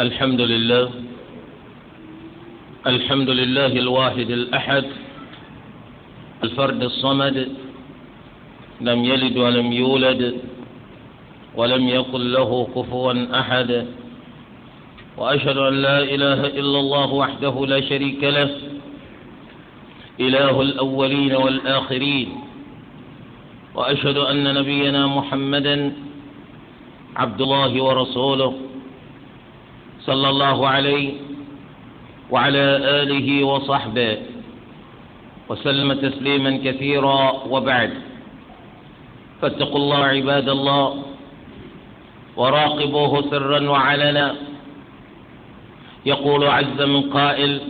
الحمد لله الحمد لله الواحد الأحد الفرد الصمد لم يلد ولم يولد ولم يقل له كفوا أحد وأشهد أن لا إله إلا الله وحده لا شريك له إله الأولين والآخرين وأشهد أن نبينا محمدا عبد الله ورسوله صلى الله عليه وعلى آله وصحبه وسلم تسليما كثيرا وبعد فاتقوا الله عباد الله وراقبوه سرا وعلنا يقول عز من قائل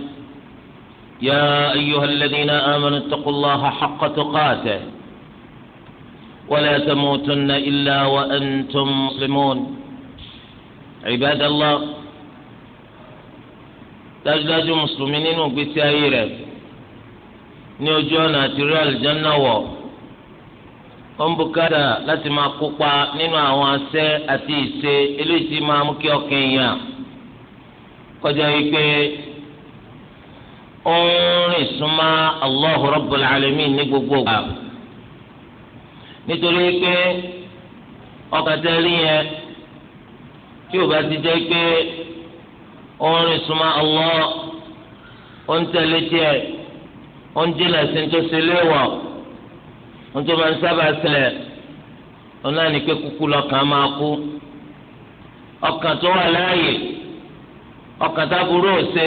يا أيها الذين آمنوا اتقوا الله حق تقاته ولا تموتن إلا وأنتم مسلمون عباد الله dájúdájú mùsùlùmí nínú ìgbésí ayé rẹ ní ojú ọ̀nà àti rí àlùjáná wọ̀ ó ń bùkátà láti máa kópa nínú àwọn asẹ́ àti ìṣe eléyìí tí máa mú kí ọkàn èèyàn kọjá wípé ó ń rìn súnmọ́ Allahu Rabbul Alamin ní gbogbo ìgbà nítorí pé ọkàn tẹ́lẹ̀ yẹn orin súnmọ́ Allah ó ń tẹ̀lé tiẹ̀ O ń jìnà sí tó ṣe O ó tó máa ń sábà ṣẹlẹ̀ ó náà ní pé kúkú lọ́kàn máa kú ọkàn tó wà láàyè ọkàn táburú òsè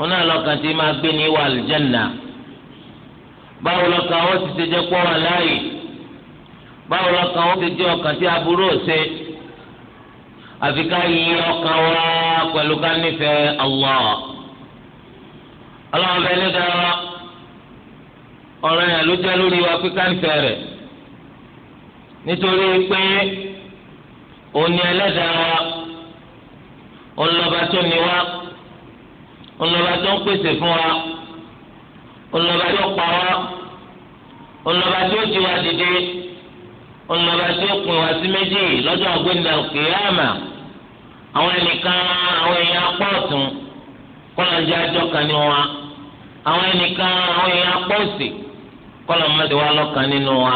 ó náà lọ́kàn tí máa gbé ní wà àlùjánnà báwo lọ́kàn ó ti ṣe jẹ́ pọ́ wà láàyè báwo lọ́kàn ó ti jẹ́ ọkàn tí ọkàn wá. pẹ̀lú ká nífẹ̀ẹ́ Allah ọlọ́run fẹ́ lẹ́dàá ọ̀rọ̀ yẹn ló jẹ́ lórí wa pé ká nífẹ̀ẹ́ rẹ̀ nítorí pé òní ẹlẹ́dàá wa ọlọ́ba tó ní wa ọlọ́ba tó ń pèsè fún wa ọlọ́ba tó pa wa ọlọ́ba tó jí wa dìde ọlọ́ba tó pín wa sí méjì lọ́jọ́ àgbéǹda kíyámà. àwọn ẹnìkan àwọn èèyàn pọ́ọ̀tún kọ́lọ́njẹ́ àjọ kan ní wa àwọn ẹnìkan àwọn èèyàn pọ́ọ̀sì kọ́lọ́mọdé wa lọ́kàn nínú wa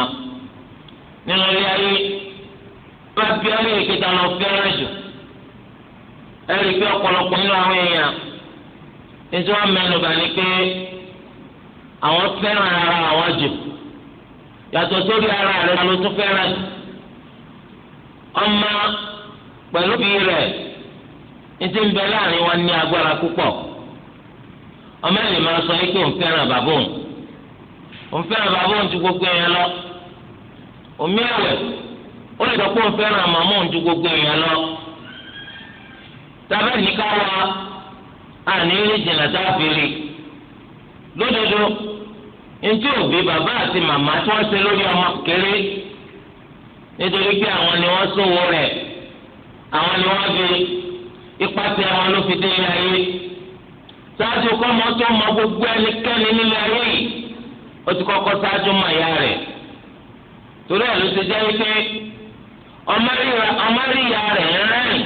nínú ilé ayé bá bí ọ́ lè kíta lọ jù pé ọ̀pọ̀lọpọ̀ nínú àwọn èèyàn mẹ́nu bá ní pé àwọn fẹ́ràn ara àwọn jù yàtọ̀ sórí ara rẹ̀ ló tún fẹ́ràn jù ọmọ pẹ̀lú bí rẹ̀. ntí ń bẹ láàrin wọn ní agbára púpọ̀ ọmọ ẹ̀ lè máa sọ yìí pé òun fẹ́ràn bàbá òun òun fẹ́ràn bàbá òun ju gbogbo èèyàn lọ omi ẹ̀wẹ̀ ó lè sọ pé òun fẹ́ràn màmá òun ju gbogbo èèyàn lọ tàbí nìkan wá àní rí tá a fi rí lódodo ntí òbí bàbá àti màmá tí wọ́n ṣe lórí ọmọ kéré nítorí pé àwọn ni wọ́n fi. ipa ti àwọn ló fi dé ilé ayé ṣáájú kọ́mọ tó mọ gbogbo ẹnikẹ́ni nílé ayé yìí ó ti kọ́kọ́ ṣáájú mọ ìyá rẹ̀ torí ẹ̀ ló ti jẹ́ wípé ọmọ rí ìyá rẹ̀ ń rẹ́rìn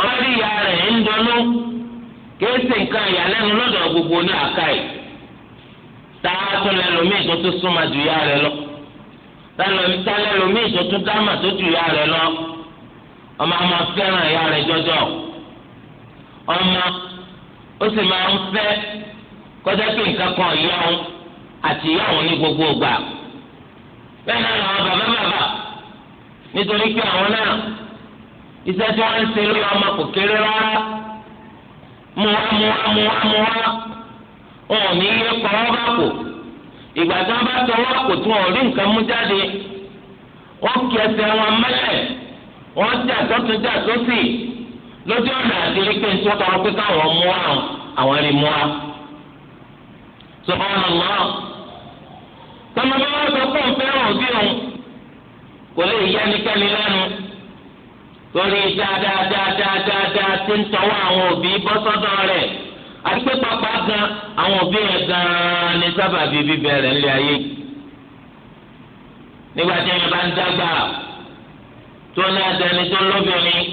ọmọ rí ìyá rẹ̀ ń gbogbo ní lẹ́lòmíì tó tún súnmọ́ ju ìyá rẹ̀ lọ tó tún dámà tó ju ìyá rẹ̀ ọmọ ọmọ fẹ́ràn ìyá rẹ̀ jọjọ ọmọ ó sì máa ń fẹ́ kọjá pé nǹkan kan ìyá òun àti ìyá òun ní gbogbo ìgbà bẹ́ẹ̀ náà làwọn bàbá bàbá nítorí pé àwọn náà iṣẹ́ tí ń ṣe lórí ọmọ kò kéré rárá wọn ò ní kọ́ wọ́n jà sọ́tún jà sósì lójú ọ̀nà àti wípé tí wọ́n tọrọ pé káwọn mú àwọn àwọn lè mú wa. sọ̀rọ̀ lọ́ tọmọdé wọn sọ fún fẹ́ràn òbí òun kò lè yẹ ẹnikẹ́ni lẹ́nu lórí dáadáadáadáa tí ń tọwọ́ àwọn òbí bọ́ sọ́dọ̀ rẹ̀ àti pé pápá gan àwọn òbí yẹn gan-an ní sábàbí bíbẹ̀rẹ̀ ńlẹ̀ ayé nígbà tí ẹni bá ń dágbà. tó náà dẹni tó lóbìnrin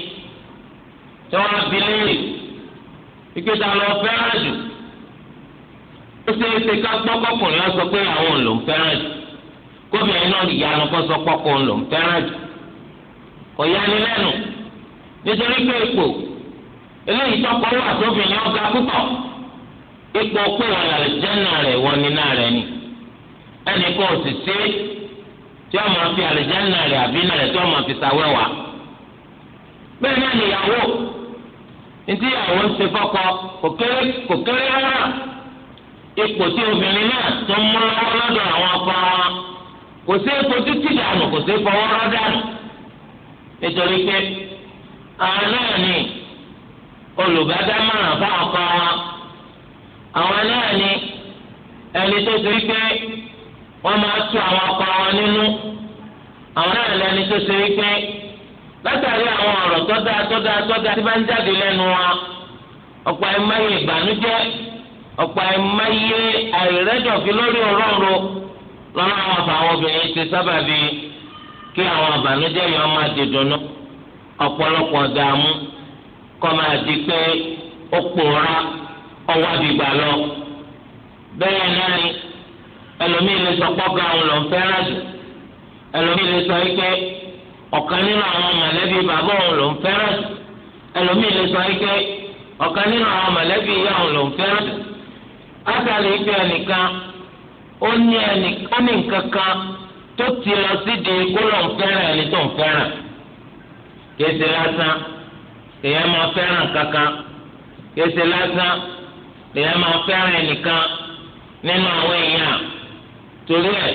tí wọ́n bí léèrè ike ta lọ fẹ́ràn jù ó ṣe é ṣe ká gbọ́ kọkùnrin ọ̀sọ́ pé àwọn ló ń fẹ́ràn jù gómìnà náà ìyá sọ ń fẹ́ràn jù kò ni lẹ́nu nítorí pé ipò eléyìí tọkọ wà sóbìnrin púpọ̀ ipò pé rẹ̀ ni ẹnì kan ò tí wọ́n máa fi àlìjáná rẹ̀ àbí iná rẹ̀ tí wọ́n máa fi sàwẹ́wà. bẹ́ẹ̀ náà nìyàwó ntí ìyàwó ń ṣe fọ́kọ kò kéré kò kéré rárá ipò tí obìnrin náà tó ń mú lọ́wọ́ lọ́dọ̀ àwọn ọkọ wọn kò sí epo títí dànù kò sí fọwọ́ rọ́ dànù nítorí pé àwọn náà ní olùbádámọ̀ràn fáwọn ọkọ wọn àwọn náà ní ẹni tó ti rí pé. wọ́n máa tú àwọn ọkọ wọn nínú àwọn náà lẹni tó ṣe wípé látàrí àwọn ọ̀rọ̀ tọ́da tọ́da tọ́da tí bá ń jáde lẹ́nu wa ọ̀pọ̀ ẹ̀máyé ìbànújẹ́ ọ̀pọ̀ ẹ̀máyé àìrẹ́dọ̀fí lórí òróǹro lọ́nà àwọn àfàwọn obìnrin ti sábà kí àwọn àbànújẹ́ yẹn máa dùnú ọ̀pọ̀lọpọ̀ dààmú kọ́ máa lọ ẹlòmíì lè sọ pọ́gà òun lòún fẹ́ràn jù ẹlòmíì lè sọ pé ọ̀kan nínú àwọn mọ̀lẹ́bí bàbá òun lòún fẹ́ràn jù ẹlòmíì lè sọ pé ọ̀kan nínú àwọn mọ̀lẹ́bí ìyá òun lòún fẹ́ràn jù látàlẹ́ ìfẹ́ ẹnìkan ó ní nǹkan kan tó ti lọ sídìí kó lòún fẹ́ràn ẹni tó ń fẹ́ràn kéésì lásán èèyàn máa fẹ́ràn kankan kéésì lásán èèyàn máa fẹ́ràn ẹnìkan nínú àwọn èèyàn. torí ẹ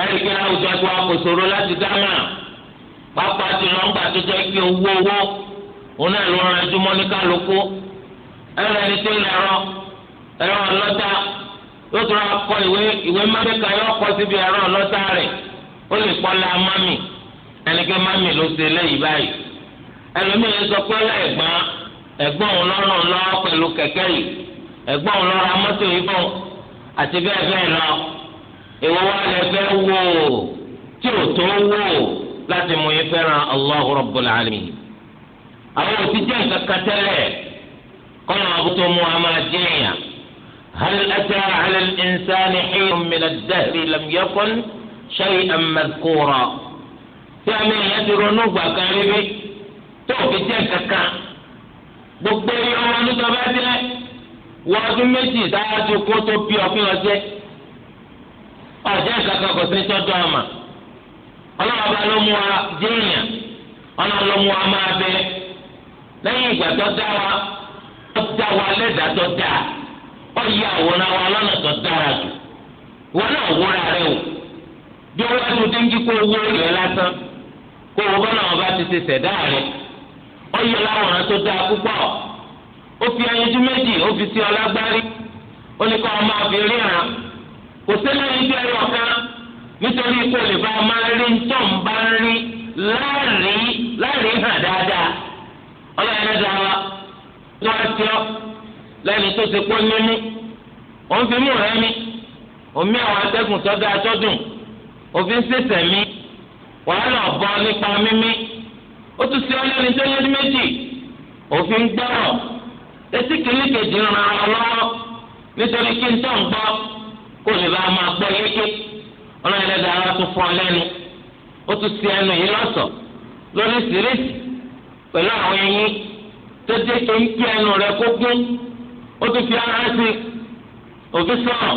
ẹni pé àwùjọ tí wọn kò ṣòro láti dáná pápá ti wọn gbà tó jẹ pé owó owó òun náà ló ẹjú mọ́ ní kálukú ẹni ẹni tó ẹ̀rọ yóò akọ ìwé ìwé mẹ́ríkà yóò kọ síbi ó lè mami mami ló ṣe lẹ́yìn báyìí sọ pé yìí yìí èwo wá lè fẹ́ wò ó tí ò tó wò ó láti mú yín fẹ́ràn Allahu Rabbul Alamin. àwọn òbí jẹ́ nǹkan kan tẹ́lẹ̀ kọ́nà àbútọ́ mu àmà jẹ́yàn. هل أتى على الإنسان حين من الدهر لم يكن شيئا مذكورا tẹ́mi yẹn ti ronú gbà kan tó fi jẹ́ kankan gbogbo ìyọ̀wọ́ nígbà bá jẹ́ wọ́n ọdún méjì sáájú kó bí ọfin ọjẹ́. ọ̀jẹ́ nǹkan kò sí tọ́jú ọmọ ọlọ́wọ́ bá ló mú wa jíìyàn ọlọ́wọ́ ló mú wa máa bẹ lẹ́yìn ìgbà tó tó lẹ́dàá tó dá ọ yí àwòrán wa lọ́nà tó dára jù wọn náà wúra rẹ o bí wọn tún dínkì kó owó rẹ lásán kó owó bọ́lá wọn bá ti ṣe ṣẹ̀dá rẹ ọ yí láwòrán tó dáa púpọ̀ ó fi méjì ó fi sí ó ní kó ọ kò sẹ́lẹ̀ yìí bí ẹyọ kan nítorí kó lè bá ọmọ rí tó ń bá rí láàrin láàrin hàn dáadáa ọlọ́run ẹ̀dá wa tó wá sí ọ lẹ́ni tó ti pọ́ mímú òun fi mú rẹ mi omi àwọn atẹ́gùn tọ́jú atọ́dùn òfin ṣẹ̀ṣẹ̀ mi wàhálà ọ̀bọ nípa mímí ó tún sí ọlẹ́ni tó lé méjì òfin gbọ́rọ̀ etí kìíní kejì ń ran ọ nítorí kí n tó ń gbọ́ kó lè bá a máa gbọ́ yéké ọlọ́run ẹlẹ́dàá ara tó fún ọ lẹ́nu ó tún ti ẹnu yìí lọ́sọ̀ lórí síríìsì pẹ̀lú àwọn eyín tó dé eyín kí ẹnu rẹ kó gún ó tún fi ara sí òfin sọ̀rọ̀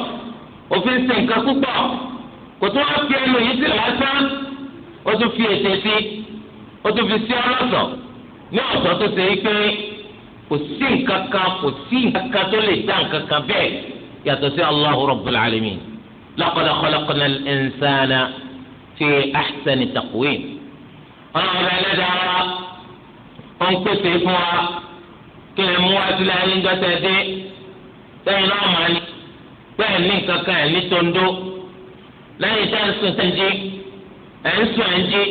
òfin ṣe nǹkan púpọ̀ kò tún wá fi ẹnu yìí sí lásán ó tún fi ètè sí ó tún fi sí ọlọ́sọ̀ ní ọ̀sọ̀ tó ṣe é pé kò sí nǹkan kan kò sí nǹkan kan tó lè dá nǹkan kan bẹ́ẹ̀ yàtọ̀ sí Allahu Rabbul Alamin laqad khalaqnal insana fi ahsani taqwim ọlọ́run ẹlẹ́dàá wa ó ń pèsè fún wa kí lè mú wá sílẹ̀ ayé ńjọ́ tẹ̀ dé lẹ́yìn náà máa ní bẹ́ẹ̀ ní nǹkan ní tondo lẹ́yìn tẹ́ ń sùn tẹ́ ń jí ẹ̀ ń sùn ẹ̀ ń jí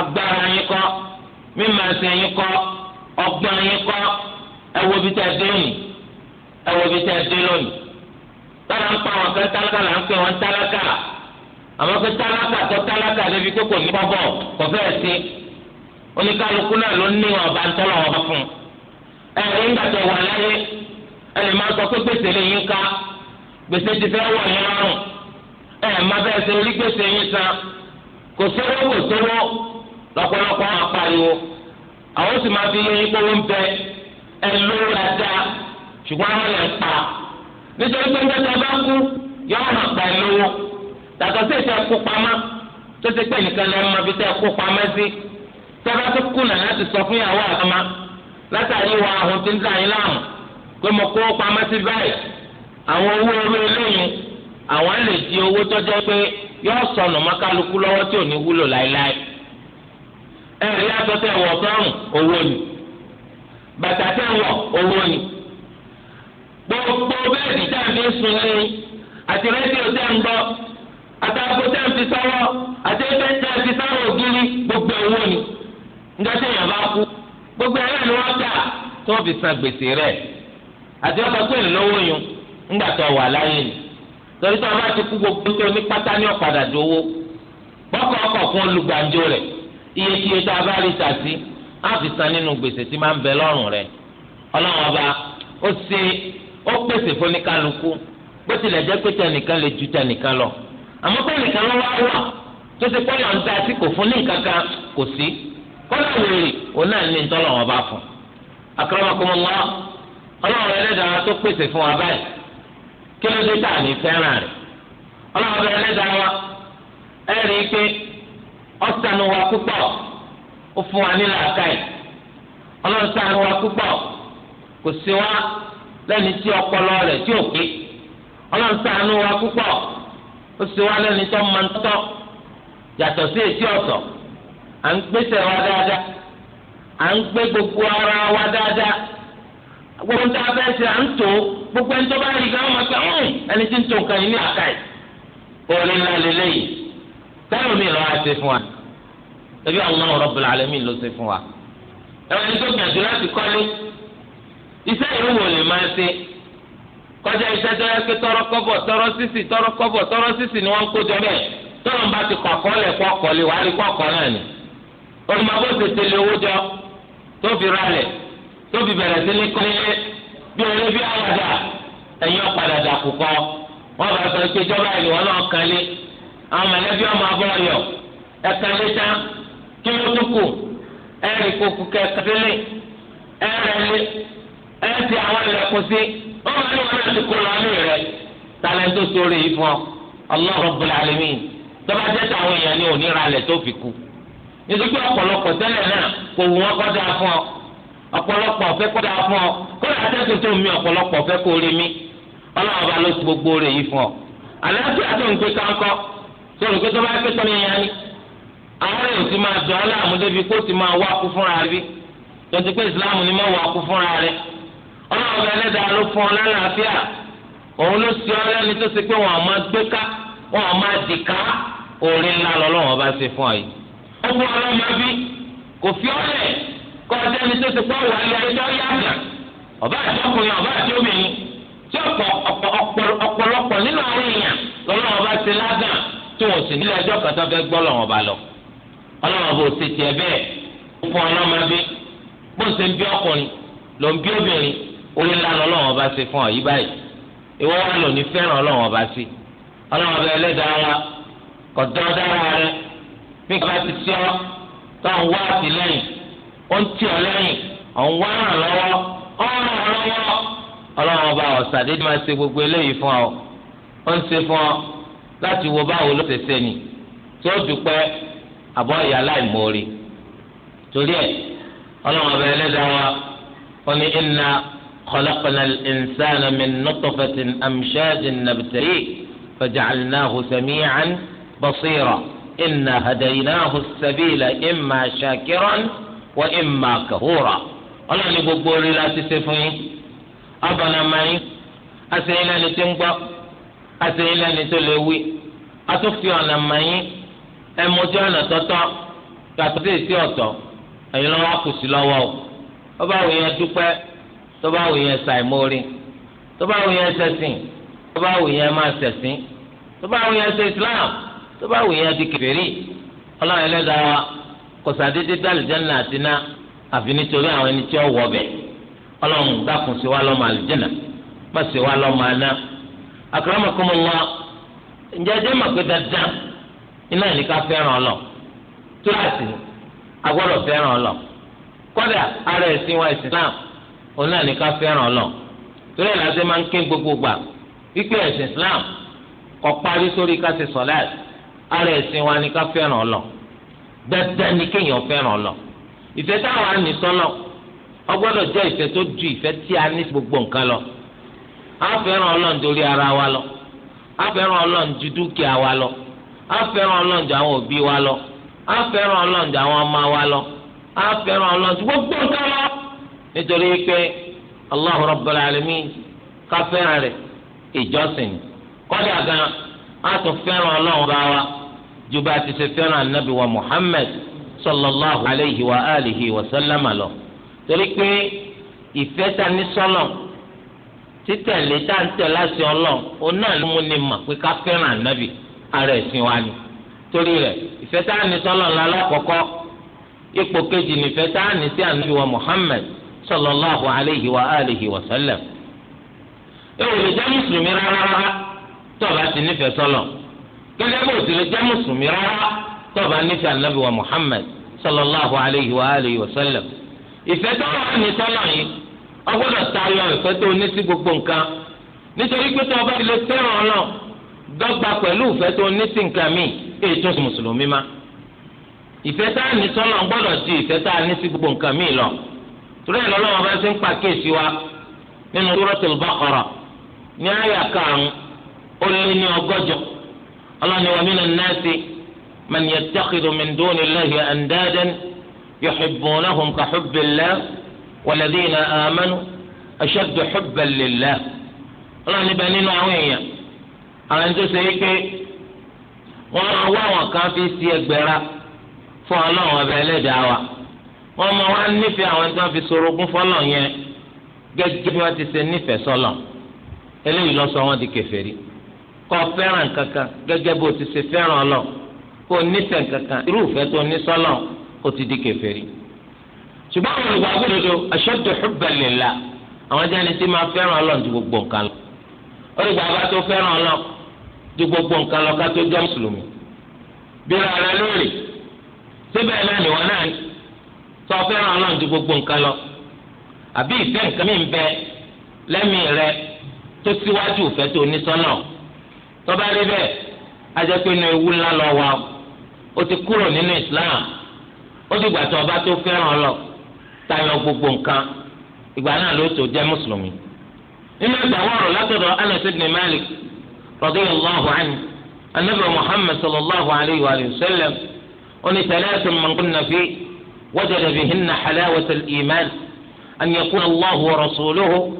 agbára yín kọ́ mímọ̀ ẹsẹ̀ yín kọ́ ọgbọ́n yín kọ́ ẹ wo bí tẹ́ dé lónìí ẹ wo bí tẹ́ dé lónìí. tára ń pa àwọn kan talaka là ń pè wọn tálákà àwọn kan tálákà tó tálákà débi pé kò ní kọ́bọ̀ kò fẹ́ẹ̀ sí oníkálukú náà ló ní wọn ọba ńtọ́lọ̀ wọn fún ẹ ẹ ń gbàtọ̀ wà láyé ẹ lè máa sọ pé gbèsè lè yín ká gbèsè ti fẹ́ ẹ má bẹ́ẹ̀ ṣe orí gbèsè yín san kò kò lọ́pọ̀lọpọ̀ àwọn nítorí pé nígbà tó bá kú yóò hàn pa ẹ lówó tàtọ̀ sí ìṣe kú pamọ́ tó ti pẹ́ nìkan lẹ́nu ma fi tẹ́ kú pamọ́ sí tọ́ba tó kùnà láti sọ fún ìyàwó àtọ́má látàrí wa àhùn tí ń dà yín láàmú pé mo kó pamọ́ sí báyìí àwọn owó orí eléyìí àwọn lè di owó tó jẹ́ pé yóò sọnù mọ́ kálukú lọ́wọ́ tí ò ní wúlò láéláé ẹ̀rí àtọ́tẹ̀ wọ̀ sọ́rùn owó ni bàtà gbogbo bẹ́ẹ̀dì tá à ń fi sùn ní àti rédíò tẹ́ ń àtàkùn tẹ́ fi àti gbogbo ni bá gbogbo ni tó fi san gbèsè àti pé ìlówó yun tó wà láyé ni torí tó bá ti kú gbogbo tó ní pátá ní ọ̀padà bọ́kọ̀ ọkọ̀ fún iye tí bá rí á fi san nínú gbèsè ó pèsè fún kálukú bó tilẹ̀ jẹ́ pé tẹnìkan lè ju tẹnìkan lọ àmọ́ tẹnìkan ló wá wà tó ti pọ́n náà ń sí kò fún ní kankan kò sí kọ́lá wèrè òun náà ní ntọ́lọ̀ wọn bá fún akramakumullah ọlọ́run ẹlẹ́dàá tó pèsè fún wa báyìí kí ló dé fẹ́ràn rẹ̀ ọlọ́run ẹlẹ́dàá wa pé wa púpọ̀ ó fún wa ọlọ́run wa púpọ̀ kò sí wa. lẹ́ni tí ọpọlọ rẹ̀ tí ò pé ọlọ́run wa púpọ̀ ó sì wá lẹ́ni tó máa ń tọ́ yàtọ̀ sí èsì ọ̀tọ̀ à ń gbèsè wa dáadáa à ń gbogbo ara wa dáadáa gbogbo tá a à gbogbo ẹni tó bá rí gan máa ẹni tí ń tó nǹkan yìí ní orin táwọn mi lọ́wọ́ ṣe fún wa ẹbí àwọn ọmọ Rabbul Alamin ló ṣe fún wa ẹ̀wọ̀n ẹni tó iṣẹ́ ìlú wo lè máa ṣe kọjá iṣẹ́ tó yẹ pé tọrọ kọ́bọ̀ tọrọ sísì tọrọ kọ́bọ̀ tọrọ sísì ni wọ́n ń kójọ bẹ́ẹ̀ tọrọ bá ti kọ̀kọ́ lẹ̀ kọ́ kọ́lé wàá rí kọ́kọ́ náà ni olùmọ̀ bó ṣe tẹ̀lé owó jọ tó fi ralẹ̀ tó fi bẹ̀rẹ̀ sí ní kọ́lé bí orí bí àwàdà ẹ̀yìn ọ̀padà dàkú kọ́ wọ́n bá sọ pé ìjọba ìlú wọn náà kan lé àwọn mọ̀lẹ́bí ọmọ abọ́ọ̀yọ̀ ẹ̀ka lé ẹ ti àwọn ìrẹ̀kùn sí wọn máa ní wọn náà ti kúrò lánàá rẹ talẹ̀ tó sórí yìí fún ọ Allah Rabbul Alamin tọ́ba jẹ́ táwọn èèyàn ní oníralẹ̀ tó fi kú nítorí ọ̀pọ̀lọpọ̀ tẹ́lẹ̀ náà kò wù wọ́n kọ́ dáa fún ọ ọ̀pọ̀lọpọ̀ ọ̀fẹ́ kọ́ dáa fún ọ kó lè àtẹ́sùn tó mi ọ̀pọ̀lọpọ̀ ọ̀fẹ́ kó rí mi ọlọ́run bá ló ti gbogbo rẹ̀ yìí fún ọ. àlàáfíà tó ń gbé kánkọ́ ọlọ́run ẹlẹ́dàá ló fún ọ lálàáfíà òun ló sì ọ lẹ́ni tó ṣe pé wọn àmọ́ gbé ká wọn àmọ́ dì ká orí ńlá lọ́lọ́run ọba ṣe fún ọ yìí. ó fún ọlọ́mọ bí kò fi ọlẹ̀ kọ́ ọ sẹ́ni tó ṣe pé wà á lẹ ẹjọ́ yàgbà ọba àtọkùnrin ọba àtọmìnrin tí ọ̀pọ̀lọpọ̀ nínú àwọn èèyàn lọ́lọ́run ọba ṣe lágàn tó wọ́n sì nílẹ̀ ẹjọ́ kan tó fẹ́ gbọ́ lọ́wọ́ ọba lọ. ọlọ́run ọba ò ṣe tiẹ̀ bẹ́ẹ̀ ó fún ọlọ́mọ bí bó ń ṣe ń bí ọkùnrin ló ń bí obìnrin orí ńlá lọ lọ́wọ́ bá ṣe fún ọ yìí báyìí ìwọ wà lò ní fẹ́ràn ọlọ́wọ́ bá ṣe ọlọ́wọ́ bá ẹlẹ́dàá wa kò dán dára rẹ bí kò bá ti ṣe ọ tó ń wá àtìlẹ́yìn ó ń tì ọ lẹ́yìn ọ̀ ń wá ràn lọ́wọ́ ọ̀ ń ràn lọ́wọ́ ọlọ́wọ́ bá ọ̀sà dédé máa ṣe gbogbo eléyìí fún ọ ó ń ṣe fún ọ láti wo báwo ló ṣẹṣẹ ni tí ó dúpẹ́ àbọ̀ ìyá láì mórí torí خلقنا الإنسان من نطفة أمشاج نبتليه فجعلناه سميعا بصيرا إنا هديناه السبيل إما شاكرا وإما كفورا ọlọ́run ní gbogbo orí la ti ṣe fún yín ọ̀bọ̀nà mayín àṣeyín lẹ́ni tó ń gbọ́ àṣeyín lẹ́ni tó lè wí àtúnfi ọ̀nà mayín ẹ̀mọ́jú ọ̀nà tọ́tọ́ yàtọ̀ sí èsì ọ̀tọ̀ ẹ̀yin lọ́wọ́ kù sí lọ́wọ́ o ọba òun yẹn dúpẹ́ tó bá wù yẹn ṣàìmórí tó bá wù yẹn ṣẹ̀sìn tó bá yẹn máa tó bá yẹn ṣe islam tó bá yẹn ti kèfèrí ọlọ́run ẹlẹ́dàá kò sàdédé dàlùjẹ́nà ná àfi nítorí àwọn ẹni tí ó wọ̀ bẹ̀ ọlọ́run dákun sí wa lọ́mọ àlùjẹ́nà má sí wa lọ́mọ àná ǹjẹ́ ẹjẹ́ pé dandan iná ní ká fẹ́ràn kíláàsì agbọ́dọ̀ fẹ́ràn kọ́dà òun náà ní ká fẹ́ràn lọ torí ẹ̀ lásán máa ń ké gbogbo gbà wípé ẹ̀sìn Islam kò parí sórí ká ṣe sọ̀láàt ara ẹ̀sìn wa ní ká fẹ́ràn lọ dandan ni kéèyàn fẹ́ràn lọ ìfẹ́ táwọn á ní sọ́nà ó gbọ́dọ̀ jẹ́ ìfẹ́ tó ju ìfẹ́ tí a ní gbogbo nǹkan lọ á fẹ́ràn Ọlọ́run torí ara wa lọ á fẹ́ràn Ọlọ́run ju dúkìá wa lọ á fẹ́ràn Ọlọ́run ju àwọn òbí wa lọ á fẹ́ràn Ọlọ́run ju àwọn ọmọ wa lọ A fẹ́ràn Ọlọ́run ju gbogbo nǹkan lọ. nítorí pé Allahu Rabbul Alamin ká rẹ̀ ìjọsìn kọ́dà gan á tún fẹ́ràn ọlọ́run bá wa ju bá a ti ṣe fẹ́ràn anabi wa Muhammad sallallahu alayhi wa alihi wa sallam lọ torí pé ìfẹ́ ta ní sọ́lọ̀ títẹ̀lé tá ń tẹ̀ láti ọlọ́run òun náà ló mú ni mà pé anabi ara ẹ̀sìn wa ni torí rẹ̀ ìfẹ́ ní sọ́lọ̀ ńlá Muhammad. sallallahu alayhi wa alihi wa sallam ẹ ò lè jẹ́ mùsùlùmí rárá tó o bá ti nífẹ̀ẹ́ sọ́lọ̀ gẹ́gẹ́ bó o ti lè jẹ́ mùsùlùmí rárá tó o bá nífẹ̀ẹ́ anabi wa muhammad sallallahu alayhi wa alihi wa sallam ìfẹ́ tó wà ní sọ́lọ̀ yìí ọgbọ́dọ̀ tayọ ìfẹ́ tó o ní sí gbogbo nǹkan nítorí pé tó o bá ti lè fẹ́ràn ọ̀nà dọ́gba pẹ̀lú ìfẹ́ tó o ní sí nǹkan míì èyí tó mùsùlùmí má ìfẹ́ tá a ní sọ́lọ̀ gbọ́dọ̀ ju ìfẹ́ tá a ní sí gbogbo nǹkan míì lọ torí ẹ̀ lọ́wọ́ bá ṣe ń pàkíyèsí wa nínú Suratul Baqara ní àyà karùn-ún ó lé ní ọgọ́jọ ọlọ́ni wa minan nasi man yattakhidhu min dunillahi andadan yuhibbunahum ka hubbillah walladhina amanu ashaddu hubban lillah ọlọ́ni bẹ nínú àwọn èèyàn àwọn ẹni tó ṣe é pé wọ́n wá àwọn kan fi sí ẹgbẹ́ra fún ọlọ́run ọbẹ̀ ẹlẹ́dàá wa. wọ́n mọ wá nífẹ̀ẹ́ àwọn tí wọ́n fi sorogún fọ́lọ̀ yẹn gẹ́gẹ́ bí wọ́n ti ṣe nífẹ̀ẹ́ sọ́lọ̀ eléyìí ló sọ wọ́n di kèfèrí kọ́ fẹ́ràn kankan gẹ́gẹ́ bó ti ṣe fẹ́ràn ọlọ́ kó nífẹ̀ẹ́ kankan irúfẹ́ tó ní sọ́lọ̀ ó ti di kèfèrí. ṣùgbọ́n àwọn olùgbà gbọdọdọ ashaddu hubban lillah àwọn jẹ́ni tí máa fẹ́ràn ọlọ́ ju gbogbo nǹkan lọ olùgbà bá tó fẹ́ràn ọlọ́ ju gbogbo nǹkan lọ ká tó jẹ́ mùsùlùmí bí ara lóore síbẹ̀ náà ni wọ́n náà sọ fẹ́ràn ọlọ́run ju gbogbo nǹkan lọ àbí ìfẹ́ nǹkan mi ń bẹ lẹ́mìí rẹ tó síwájú ìfẹ́ tó ní sọ́nà tó bá rí bẹ́ẹ̀ á jẹ́ pé inú ewu ńlá lọ wà ó ti kúrò nínú Islam ó ti gbà tó ọba tó fẹ́ràn ọlọ tayọ gbogbo nǹkan ìgbà náà ló tó jẹ́ mùsùlùmí. nínú ìgbà látọ̀dọ̀ Anas ibn Malik radiyallahu anhu anabi Muhammad sallallahu alayhi wa sallam oní mọ̀nkúnnàfíì. وجد بهن حلاوة الإيمان أن يكون الله ورسوله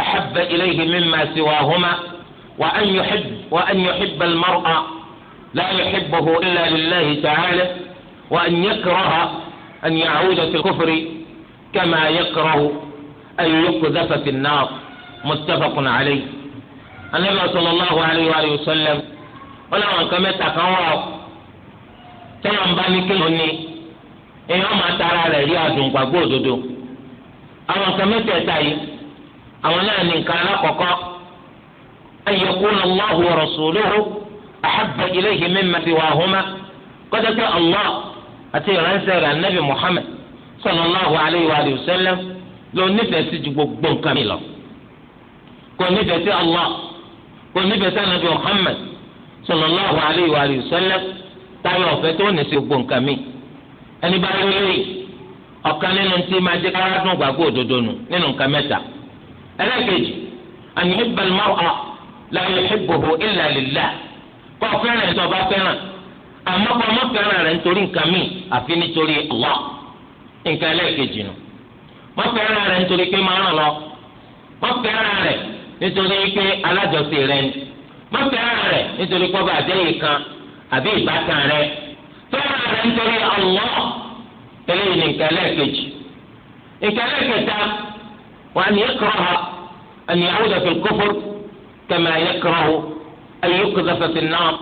أحب إليه مما سواهما وأن يحب وأن يحب المرأة لا يحبه إلا لله تعالى وأن يكره أن يعود في الكفر كما يكره أن يقذف في النار متفق عليه النبي صلى الله عليه وآله وسلم ولا كما تقوى تيام باني èèyàn máa tara rẹ̀ rí adùn gbàgbọ́ òdodo àwọn nǹkan mẹ́tẹ̀ẹ̀ta yìí àwọn náà ní nǹkan alákọ̀ọ́kọ́ ayẹkùn Allahu wa rasuluhu ahabba ilayhi mimma siwahuma kọjá pé Allah àti ìránṣẹ́ rẹ̀ anabi Muhammad sallallahu alayhi wa sallam ló nífẹ̀ẹ́ sí ju gbogbo nǹkan mi lọ kò nífẹ̀ẹ́ sí Allah kò nífẹ̀ẹ́ sí anabi Muhammad sallallahu alayhi wa sallam táyọ̀ ọ̀fẹ́ tó ní sí gbogbo nǹkan mi ẹni bá lé léyìí ọ̀kan nínú tí máa jẹ́ kára dùn gbàgbọ́ òdodo nù nínú nǹkan mẹ́ta ẹlẹ́kejì an yuhibba al-mar'a la yuhibbuhu illa lillah kọ́ fẹ́ràn ẹ̀ tó bá fẹ́ràn àmọ́ kọ́ ọmọ fẹ́ràn rẹ̀ nítorí nǹkan míì àfi nítorí Allah nǹkan ẹlẹ́kejì nù mọ́ fẹ́ràn rẹ̀ nítorí pé máa ràn lọ mọ́ fẹ́ràn rẹ̀ nítorí pé alájọsìn rẹ̀ ni mọ́ fẹ́ràn rẹ̀ nítorí pé ọba àjẹyìn kan àbí ìbátan rẹ̀ fẹ́ràn rẹ̀ nítorí Allah eléyìí ní nǹkan ẹlẹ́ẹ̀kejì nǹkan ẹlẹ́ẹ̀kẹta wà ní yakraha an ya'uda fil kufr kama yakrahu an yuqdhafa fin nar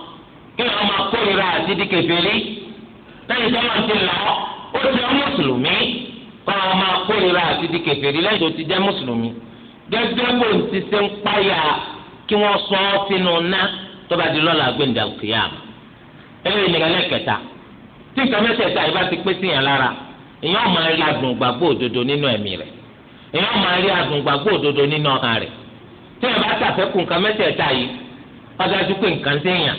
kí wọ́n máa kórìíra àti dìkẹ̀ fèlè lẹ́yìn tó ti lọ ó ti ọ àti dìkẹ̀ lẹ́yìn tó ti jẹ́ mùsùlùmí gẹ́gẹ́ bó ń ti ṣe ń páyà kí wọ́n sọ ọ́ sínú ná tó bá di lọ́la tí nǹkan mẹ́tẹ̀ẹ̀ta yìí ti pé síyàn lára èèyàn máa rí adùn gbàgbọ́ òdodo nínú ẹ̀mí rẹ èèyàn máa rí adùn gbàgbọ́ òdodo nínú ọkàn rẹ̀ tí ẹ bá tàfẹ́kù nǹkan mẹ́tẹ̀ẹ̀ta yìí ọ̀dájú pé nǹkan séèyàn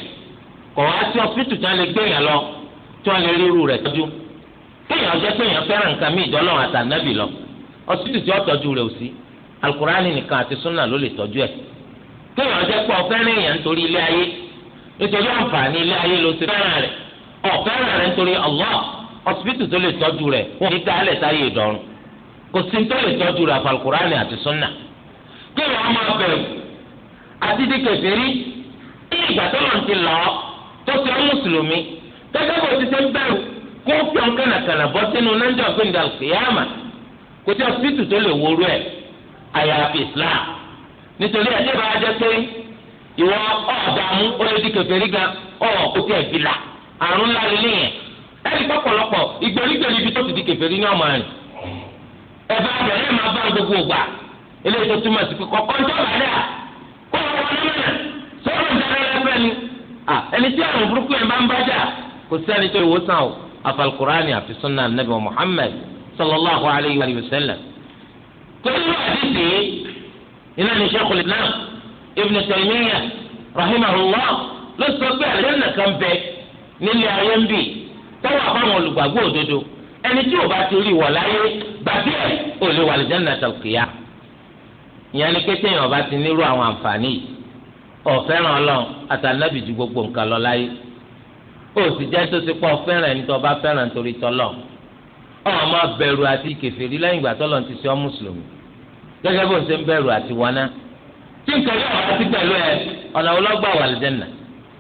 kọ̀ wá sí ọ̀fíìsì tí wọ́n lè gbé èèyàn lọ tí wọ́n lè rí irú rẹ̀ tọ́jú kéèyàn jẹ́ pé èèyàn fẹ́ràn nǹkan mí ìjọ lọ tí ò sí alukurani nìkan àti ló lè kéèyàn pé nítorí ilé ayé nítorí àǹfààní ilé ayé ló ti fẹ́ràn rẹ̀ ọ̀fẹ́ràn rẹ nítorí Allah ọsibítù tó lè tọ́jú rẹ̀ wọ́n ní dálẹ̀ sáyé ìdọ́rùn kò sí tó lè tọ́jú rẹ̀ àfàlùkùránì àti sunna kí wọ́n máa bẹ̀rù àti di kèfèrí ní ìgbà tó lọ́n ti lọ́ tó ti ọ́ mùsùlùmí gẹ́gẹ́ bó ti ṣe ń bẹ̀rù kó bọ́ sínú kìyàmà kò sí tó lè ẹ̀ àrùn ńlá lélẹ̀ yẹn ẹni pọ̀pọ̀lọpọ̀ ìgbèrígbèrí ibi tó ti di kèfèrí ní ọmọ rẹ̀ ẹ̀fà àbẹ̀rẹ̀ máa bá gbogbo ògbà eléyìí tó túmọ̀ sí kọ̀kọ́ ń tọ́ba dáa kó o wọlé mẹ́rin sọ́dọ̀ ìdárayáfẹ́ ni ẹni tí àrùn burúkú yẹn bá ń bá jà kò sẹ́ni tó ìwòsàn o afalkurani àfi sunna anabi muhammed sallallahu alayhi wa sallam torí wà dídì iná ni sheikhul islam ibn nílé ayé ń bì tọ́wọ́ àbáwọn olùgbàgbọ́ òdodo ẹni tí ò bá ti rí wọ̀ láyé gbàgbé ẹ̀ ò lè wà lìjánà tàkìyà ìyẹn ni kété yẹn ọba ti nírú àwọn àǹfààní yìí ọ̀fẹ́ràn ọlọ́run àtàlẹ́bì ju gbogbo nǹkan lọ láyé ó sì jẹ́ tó ti pọ̀ fẹ́ràn ẹni tó ọba fẹ́ràn nítorí tọ́lọ̀ ọ̀hún máa bẹ̀rù àti kèfèrí lẹ́yìn ìgbà tọ́lọ̀ ti sọ mùsùlùmí gẹ́gẹ́ bó ń ṣe bẹ̀rù àti wọná tí nǹkan yóò wá sí pẹ̀lú ẹ ọ̀nà ọlọ́gbà wà lìjánà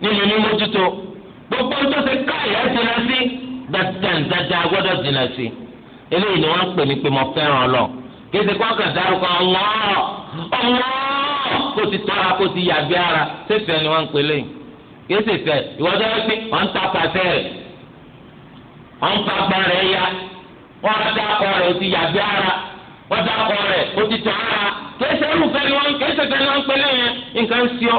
nínú mímójútó gbogbo tó ṣe káyà jìnnà sí dandan dandan agbọ́dọ̀ jìnnà sí eléyìí ni wọ́n pè ní pé mo fẹ́ràn ọ lọ kéde kó kàn dárúkọ ọwọ́ ọwọ́ kó ti tọ́ra kó ti yàgbé ara ṣèfẹ́ ni wọ́n ń pè lẹ́yìn kéde fẹ́ ìwọ́dọ̀ wípé wọ́n ń ta pàṣẹ rẹ̀ wọ́n ń fagbọ́n rẹ̀ ya wọ́n á dákọ̀ rẹ̀ ó ti yàgbé ara wọ́n dákọ̀ rẹ̀ ó ti tọ́ ara kéde irúfẹ́ ni wọ́n kéde fẹ́ ni wọ́n ń pè lẹ́yìn nǹkan ń ṣíọ́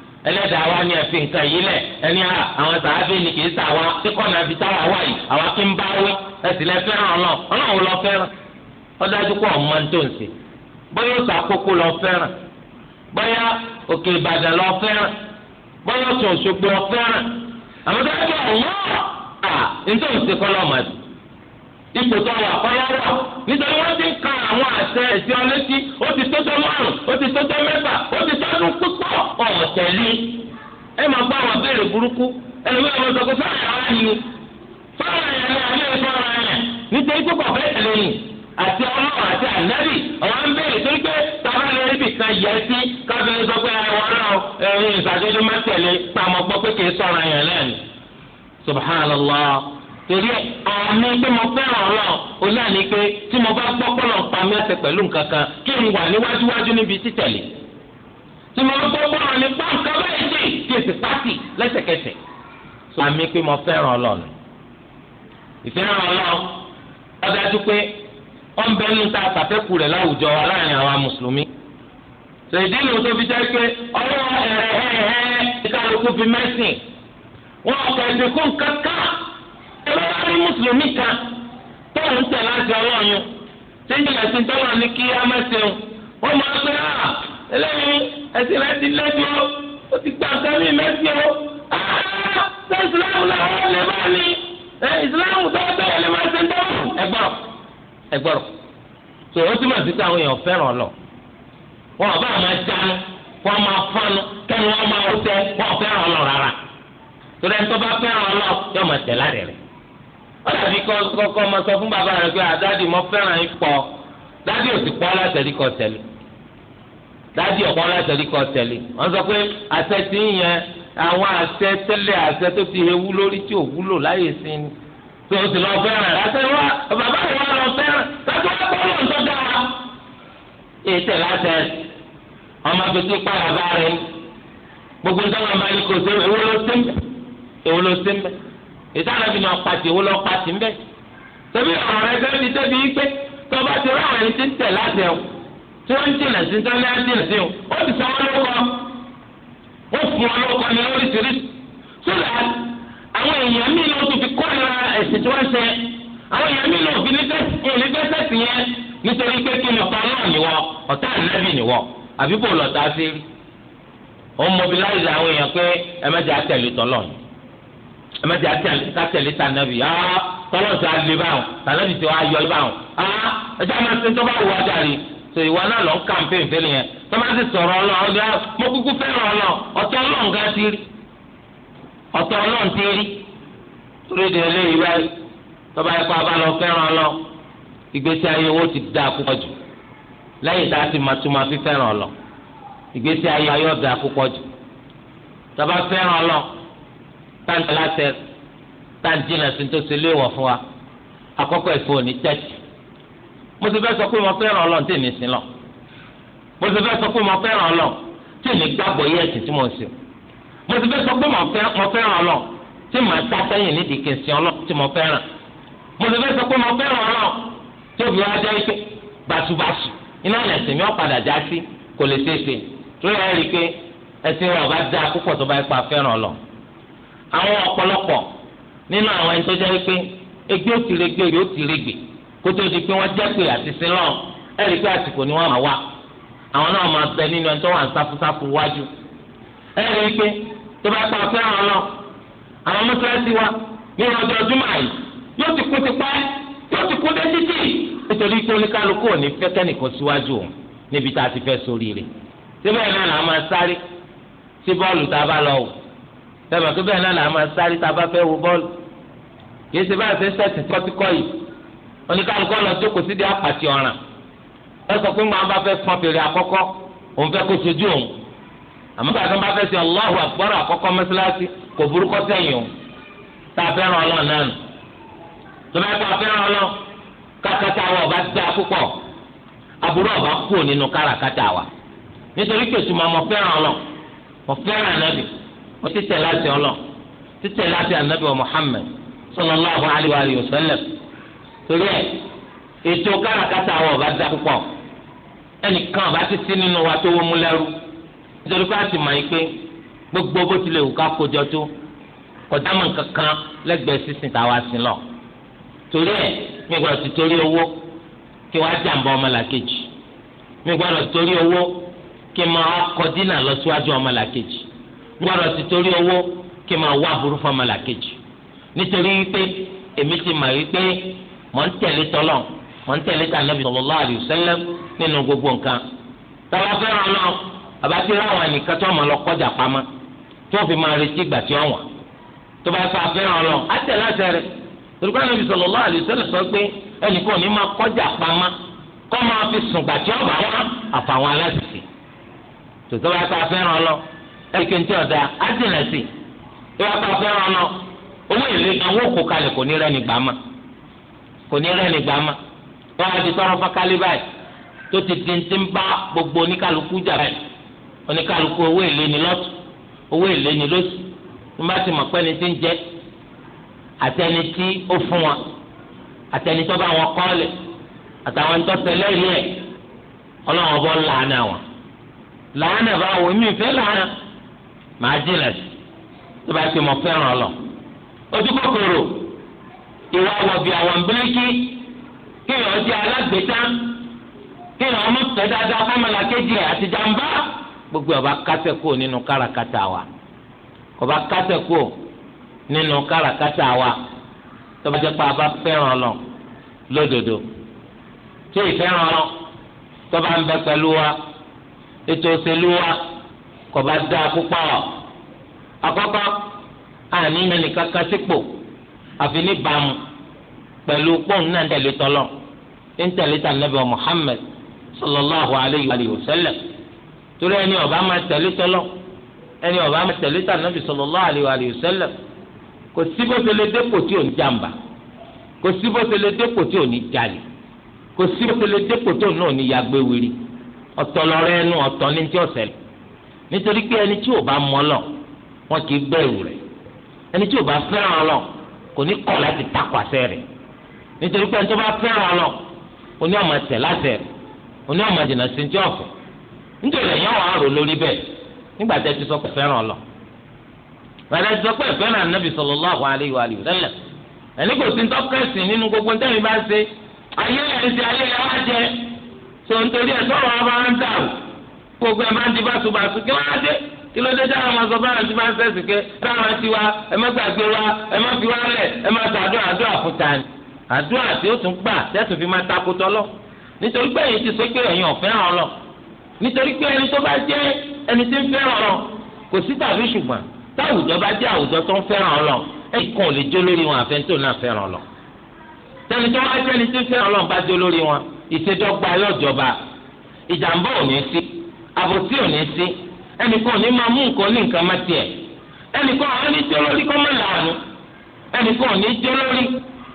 ẹlẹ́dàá wa ni ẹ̀fin nǹkan yìí lẹ̀ ẹni à ah, àwọn sàáfẹ́ ni kì í sà wá kíkọ́ náà fi táwa wá ń bá wí ẹ̀sìn lẹ fẹ́ràn ọlọ́run lọ fẹ́ràn ọdájú pọ̀ ọmọ tó ń sè akụkụ lọ fẹ́ràn bóyá òkè ìbàdàn lọ fẹ́ràn bóyá oṣù òṣogbo lọ fẹ́ràn àmọ́ dájú ọ̀wọ́ ń tó ń ipò tó wà kọ́lọ́ wà nítorí wọ́n ti ń ka àwọn àṣẹ ẹ̀sìn ọlẹ́sí ó ti tọ́jọ́ márùn ó ti tọ́jọ́ mẹ́fà ó ti púpọ̀ ẹ máa gbọ́ àwọn burúkú fáwọn ni fáwọn ni nítorí púpọ̀ bẹ́ẹ̀ tẹ̀lé ni àti àti ànábì àwọn torí pé tàbá torí àmì pé mo fẹ́ràn ọlọ́run olóà ní pé tí mo bá gbọ́ pọ́lọ̀ ń pa mí ẹsẹ̀ pẹ̀lú nǹkan kan kí n wà níwájúwájú níbi títẹ̀lé tí mo gbọ́ pọ́lọ̀ ní pa nǹkan báyìí sí kí èsì pátì lẹ́sẹ̀kẹsẹ̀ sọ àmì pé mo fẹ́ràn ọlọ́run ìfẹ́ràn ọlọ́run ọ̀dájú pé ó ń bẹ nínú ta àtàfẹ́kù rẹ̀ láwùjọ wa láàrin àwa mùsùlùmí ṣèdí ni tó fi jẹ́ pé ọlọ́run ẹ̀rẹ̀ ẹ̀rẹ̀ ẹ̀rẹ̀ ẹ̀rọ bá mùsùlùmí kan tó ń tẹ̀ láti ọlọ́run tí ń jìnà ní kí á má ṣeun wọ́n máa pẹ́ à ẹlẹ́yìn ẹ̀sìn rẹ̀ ti lẹ́jọ́ ó ti gba àtẹ́mí mẹ́sì o ah, ṣé ìsìláàmù làwọn lè ní ìsìláàmù lè máa ṣe ń ẹgbọ́rọ̀ ẹgbọ́rọ̀ tó o sí èèyàn fẹ́ràn lọ wọn wọn máa kẹ́nu wọn máa lọ rárá torí ẹni tó bá fẹ́ràn lọ yóò ọ̀sẹ̀rí kọ́kọ́ máa sọ fún bàbá rẹ̀ pé àdáàdì ah, mọ́ fẹ́ràn yín pọ̀ dáàdì ò sì pọ́ látẹ̀rí kọ́ tẹ̀lé dáàdì ọ̀pọ̀ látẹ̀rí kọ́ tẹ̀lé wọ́n sọ pé àṣẹ ti ń yẹn àwọn àṣẹ tẹ́lẹ̀ àṣẹ tó ti hewu lórí tí ò wúlò láyè sí ni tó o sì lọ fẹ́ràn àṣẹ wa bàbá rẹ̀ wà lọ fẹ́ràn láti wá pọ́ lọ́n tó dára. ètè láṣẹ ọmọ tuntun pa bàbá rẹ̀ gbogbo ìdáhùn àbáyé kò sí ewúlò sí mbẹ ewúlò sí mbẹ ètò ànábì máa pàtì owó lọ pàtì ńbẹ tẹbi ọ̀rọ̀ rẹ sẹbi tẹbi ìgbẹ tọba ti rà ẹni tí ń tẹ láti ẹwọ tí wọn ń jìnà sí ní sani á jìnà sí o ó ti sọ wọn lórúkọ ó fún wọn lórúkọ ní lóríṣiríṣi sódà àwọn èèyàn míì ló tún fi kọ́ ìlà ẹ̀sìn tí wọ́n ṣe àwọn èèyàn míì ló fi ní tẹ́sí yẹn nítorí pé kí ọ̀tá náà nìwọ ọ̀tá ànábì nìwọ àbí bò lọ́tà sí rí ó mobilize àwọn èèyàn pé ẹ mẹ́jọ àtẹ̀lé tọ́lọ́ọ̀nù ẹ má ta nàbì áá tọ́lọ̀ tí a lè báwọn tànàbì tí wàá yọ ẹ báwọn áá ẹjọ́ máa ṣe tó bá wù wájà rí so ìwà náà lọ ń kàmpéǹ fẹ́lẹ̀ yẹn tó bá ti sọ̀rọ̀ ọlọ́run ọdún ẹ mo kúkú fẹ́ràn ọlọ́run ọ̀tọ̀ ọlọ́run gan ti rí ọ̀tọ̀ ọlọ́run ti rí torí ìdè eléyìí báyìí tó bá yẹ kó a bá lọ fẹ́ràn ọlọ́run ìgbésí ayé owó ti dáa púpọ̀ jù lẹ́yìn tá a ti máa tún máa fi fẹ́ràn ọlọ́run ìgbésí ayé ayé ọ̀dà púpọ̀ jù tó bá fẹ́ràn ọlọ́run táǹtà láṣẹ táǹtì náà sì ń tó ṣe léèwọ̀ fún wa àkọ́kọ́ ìfọ òní tẹ́tì mo ti fẹ́ sọ pé mo fẹ́ràn ọlọ́run tí èmi sin lọ mo ti fẹ́ sọ pé mo fẹ́ràn ọlọ́run tí èmi gbàgbọ́ yẹ ẹ̀sìn tí mo sìn mo ti fẹ́ sọ pé mo fẹ́ràn ọlọ́run tí màá ta sẹ́yìn nídìí kì í sin ọlọ́run tí mo fẹ́ràn mo ti fẹ́ sọ pé mo fẹ́ràn ọlọ́run tí òbí wa jẹ́ ike basubasu iná ẹ̀sìn mi ọ̀padà já sí kò lè ṣeé ṣe tó yẹ ẹ́ rí i pé ẹ̀sìn rẹ̀ ọ̀gá dáa púpọ̀ tó bá yẹ pa fẹ́ràn àwọn ọ̀pọ̀lọpọ̀ nínú àwọn ẹni tó jẹ́ pé egbé ó ti lè gbé èrè ó ti lè gbè kó tó di pé wọ́n jẹ́ pé àti sílọ̀ ẹ̀rí pé àsìkò ni wọ́n máa wá àwọn náà máa bẹ nínú ẹni tó wà ń sáfúsáfú wájú ẹ̀rí pé tó bá pa ọ̀fẹ́ àwọn lọ àwọn mọ́sálásí wa ní ọjọ́ ọdún àyè yóò ti kú ti pẹ́ yóò ti kú dé títì nítorí pé oníkálukú ò ní fẹ́ kẹ́nìkan síwájú òun níbi tá a ti fẹ́ sórí rẹ̀ síbẹ̀ náà làá máa sáré sí bọ́ọ̀lù tá a bá lọ wò sẹ́mi àti bẹ́ẹ̀ náà là máa sáré tá a bá fẹ́ wo bọ́ọ̀lù kìí ṣe báyìí ṣe sẹ́sìn kọ́tíkọ́ yìí oníkálukọ́ lọ jókòó sí di apàtì ọ̀ràn ẹ sọ pé màá bá fẹ́ fọn fèrè àkọ́kọ́ òun fẹ́ kó sojú òun àmọ́ kàtó bá fẹ́ ṣe Allahu Akbar àkọ́kọ́ mẹ́sàlásì kò burúkọ́ sẹ́yìn o tá a fẹ́ràn ọlọ́run náà nù tó bá tó a fẹ́ràn ọlọ́run wọ́n títẹ̀ láti ọlọ́ títẹ̀ láti anabi wa Muhammad sallallahu alayhi wa sallam torí ẹ̀ ètò káràkátà wa ọba dá púpọ̀ ẹnìkan ọba ti sí nínú wa tó wọ́n mú lẹ́rú nítorí pé a ti mọ̀ yìí pé gbogbo bó tilẹ̀ wù ká kójọ tó kọjá mọ̀ kankan lẹ́gbẹ̀ẹ́ sísìn táwa sí lọ torí ẹ̀ mi gbọ́dọ̀ ti torí owó kí wọ́n jàǹbá ọmọlàkejì mi gbọ́dọ̀ torí owó kí n máa kọ dínà lọ síwájú ọmọlàkejì gbọ́dọ̀ ti torí owó kí máa wá burú fọmọlà kejì nítorí wípé èmi ti mà wípé mọ̀ ń tẹ̀lé tọ́lọ̀ mọ̀ ń tẹ̀lé tànàbí sallallahu alaihi wasallam nínú gbogbo nǹkan tọ́lá fẹ́ràn náà àbátí ráwọn nìkan tó ọmọ lọ kọjá pamọ́ tó fi máa retí ìgbà tí ọ̀wọ̀n tó bá fà fẹ́ràn náà á tẹ̀lé àṣẹ rẹ̀ torí sọ pé ẹnìkan ní máa kọjá pamọ́ kọ́ máa fi sùn gbà tí ọ̀bà wá àfàwọn aláṣẹ tòtọ́ bá fà fẹ́ràn náà ẹ̀kẹ́ ntí ọ̀dà á dìnnà sí i ìwà kan fẹ́ràn lọ owó èlé gan owó kó kalẹ̀ kò ní rẹ́ni gbà má kò ní rẹ́ni gbà má wọ́n á di tọrọ fákálí báyìí tó ti di ti ń bá gbogbo oníkàlùkù jà báyìí oníkàlùkù owó èlé ni lọ́tù owó èlé ni lọ́tù tó bá ti mọ̀ pé ẹni tí ń jẹ àtẹni tí ó fún wọn àtẹni tó bá wọn kọ́ọ̀lẹ̀ àtàwọn ń tọ́sẹ̀ lẹ́yìn ẹ̀ ọlọ́run ọbọ̀ làánà wọn làánà báwo èmi ìfẹ́ làánà màá jìnà sí tó bá ṣe mọ fẹ́ràn ọlọ ojú kòkòrò ìwà wọ̀bì àwọn bíríkì kí ìyàn jẹ alágbèéta kí ìyàn ọmọ tẹ dáadáa fọmọlá kejì àti jàmbá gbogbo ọba kásẹ̀ kúrò nínú káràkátà wa ọba kásẹ̀ kúrò nínú káràkátà wa tó bá jẹ́ pé a fẹ́ràn ọlọ lódodo tí ìfẹ́ràn ọlọ tó bá ń bẹ pẹ̀lú wa ètò òṣèlú wa kọba dáa púpọ̀ àkọ́kọ́ àní yẹn nìkan kan sípò àfi níbàámu pẹ̀lú pọ́ùn náà tẹ̀lé tọ́lọ̀ ń tẹ̀lé tà Nábì Muhammad sallallahu alayhi wa sallam torí ẹni ọba máa tẹ̀lé tọ́lọ̀ ẹni ọba máa tẹ̀lé tà Nábì sallallahu alayhi wa sallam kò sí bó ṣe lè dépò tí ò ní jàǹbá kò sí bó lè dépò tí ò ní jalè kò sí bó lè dépò tí ò ní yàgbé wiri ọ̀tọ̀ ẹnu ọ̀tọ̀ ní ti ọ̀sẹ̀ nítorí pé ẹni tí ò bá mọ lọ wọn kì í bẹ̀rù rẹ̀ ẹni tí ò bá fẹ́ràn lọ kò ní kọ̀ láti takò àṣẹ nítorí pé ẹni tó bá fẹ́ràn lọ oní ọmọ tẹ̀ láṣẹ rẹ̀ oní ọmọ jìnnà sí ti ọ̀fọ̀ nítorí ẹ̀yàn wà á rò lórí bẹ́ẹ̀ nígbà tẹ́ ti sọ pé fẹ́ràn lọ bàtà ti sọ pé fẹ́ràn anábì sallallahu alaihi wa sallam ẹni kò sí tọ́kẹ́sì nínú gbogbo ntẹ́mi bá ṣe ayé ẹ̀ ń ṣe ayé ẹ̀ wá jẹ gbogbo ẹ̀ máa ń di báṣubàṣu kí wọ́n á dé kí ló dé dáhà máa sọ báwọn ti máa ń sẹ́sì pé dáhà ti wa ẹ má gbàgbé wa ẹ má fi wá lẹ̀ ẹ má ta àdúrà àdúrà fúta ni àdúrà tí ó tún gbà tẹ́tù fi máa takotọ́ lọ nítorí pé èyí ti sọ pé èyàn ò fẹ́ràn lọ nítorí pé ẹni tó bá jẹ́ ẹni tí ń fẹ́ràn lọ kò sí tàbí ṣùgbọ́n táwùjọ bá jẹ́ àwùjọ tó ń fẹ́ràn lọ ẹnì kan ò lè jó lórí wọn àfẹ́ntò náà fẹ́ràn lọ tẹni tó wá jẹ́ ẹni tí ń fẹ́ràn lọ bá jó lórí wọn ìṣèjọba yóò jọba ìjàmbá ò ní sí àbòsí ò ní sí ẹnìkan ò ní máa mú nǹkan ní nǹkan má tiẹ̀ ẹnìkan ò ní jẹ́ lórí kọ́ má làánú ẹnìkan ò ní jẹ́ lórí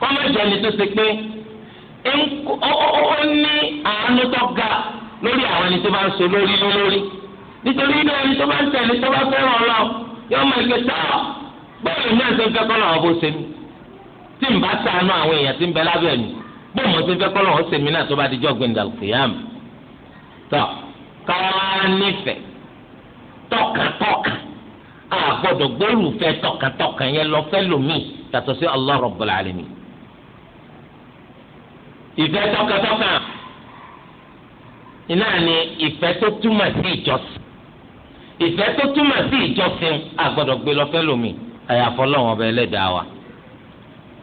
kọ́ má jẹ́ ẹni tó ṣe pé ó ní àánú tó ga lórí àwọn ẹni tó bá ń so lórí lórí nítorí inú ẹni tó bá ń tẹ̀lé tó bá fẹ́ràn ọlọ́ yóò máa ké tá bẹ́ẹ̀ ní ẹ̀sìn fẹ́ kọ́ làwọn bó ṣe mí tí n bá sànú àwọn èèyàn tí ń bẹ lábẹ́ mi bóun mo ti fẹ́ kọ́ làwọn ṣe mí náà tó bá di jọ́ gbẹ̀ndàlùkìyàmù tọ́ káwá nífẹ̀ẹ́ tọkàntọkàn àgbọ̀dọ̀ gbólùfẹ́ tọkàntọkàn yẹn lọ fẹ́ lómi yàtọ̀ sí Allah Rabbul Alamin. ìfẹ́ tọkàntọkàn iná ni ìfẹ́ tó túmọ̀ sí ìjọsìn ìfẹ́ tó túmọ̀ sí ìjọsìn àgbọ̀dọ̀ gbé lọ fẹ́ lómi àyàfọ́ lọ́wọ́ ọba ẹlẹ́dàá wa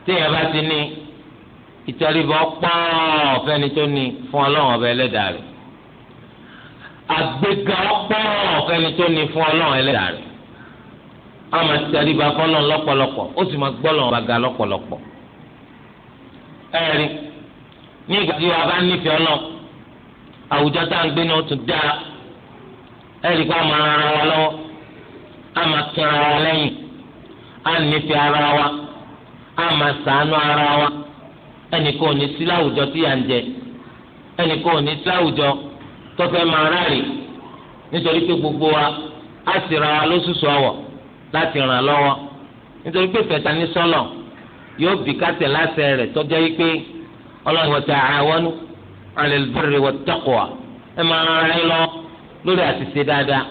téèyàn bá ti ní ìtẹríbọ pọ́ọ́ fẹ́ni tó ní fún ọlọ́wọ́ ọba ẹlẹ́dàá rẹ̀ àgbéga ọ̀pọ̀ ọkẹni tó ní fún Ọlọ́run Ẹlẹ́dàá rẹ̀ a máa tẹríba fọ́lọ́run ó sì máa ga tí bá nífẹ̀ẹ́ àwùjọ tá ń gbé náà tún dára ẹ̀rí kó a máa ara wa lọ́wọ́ a máa tún ara wa lẹ́yìn a nífẹ̀ẹ́ nítorí pé gbogbo wa á sì ra wa lóṣooṣù ọwọ́ láti ràn lọ́wọ́ nítorí pé fẹta ní sọlọ yóò bì kátẹ lase re tọjá yìí pé Ọlọ́run wa ta'awanu 'ala al-birri wat-taqwa ẹ máa ràn ara yín lọ́wọ́ lórí àti ṣe dáadáa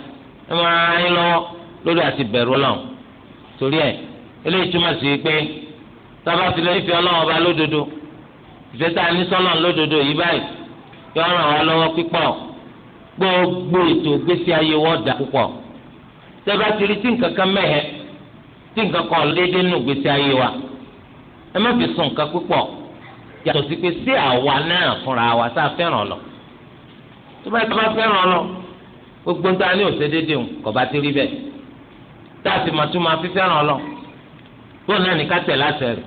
ẹ máa ràn ara yín lọ́wọ́ lórí àti bẹ̀rù Ọlọ́run torí ẹ eléyìí túmọ̀ sí pé sábà fi lè fi Ọlọ́run ọba lódodo ìfẹ́ a ní sọlọ lódodo yìí báyìí yọ ràn wá lọ́wọ́ pípọ̀. gbogbo ètò ìgbésí ayé wọn dà púpọ̀ tẹ́lá ti rí tí nǹkan kan mẹ́hẹ́ tí nǹkan kan léde nù ìgbésí ayé wa ẹ má fi sùn nǹkan púpọ̀ yàtọ̀ sí pé sí àwa náà fúnra wa tá a fẹ́ràn lọ tó bá yẹ fẹ́ràn lọ gbogbo ń ta ni òsè dédé ń kọ̀ bá ti rí bẹ́ẹ̀ tá a sì máa tún máa fi fẹ́ràn lọ bó náà ní ká tẹ̀ láṣẹ rẹ̀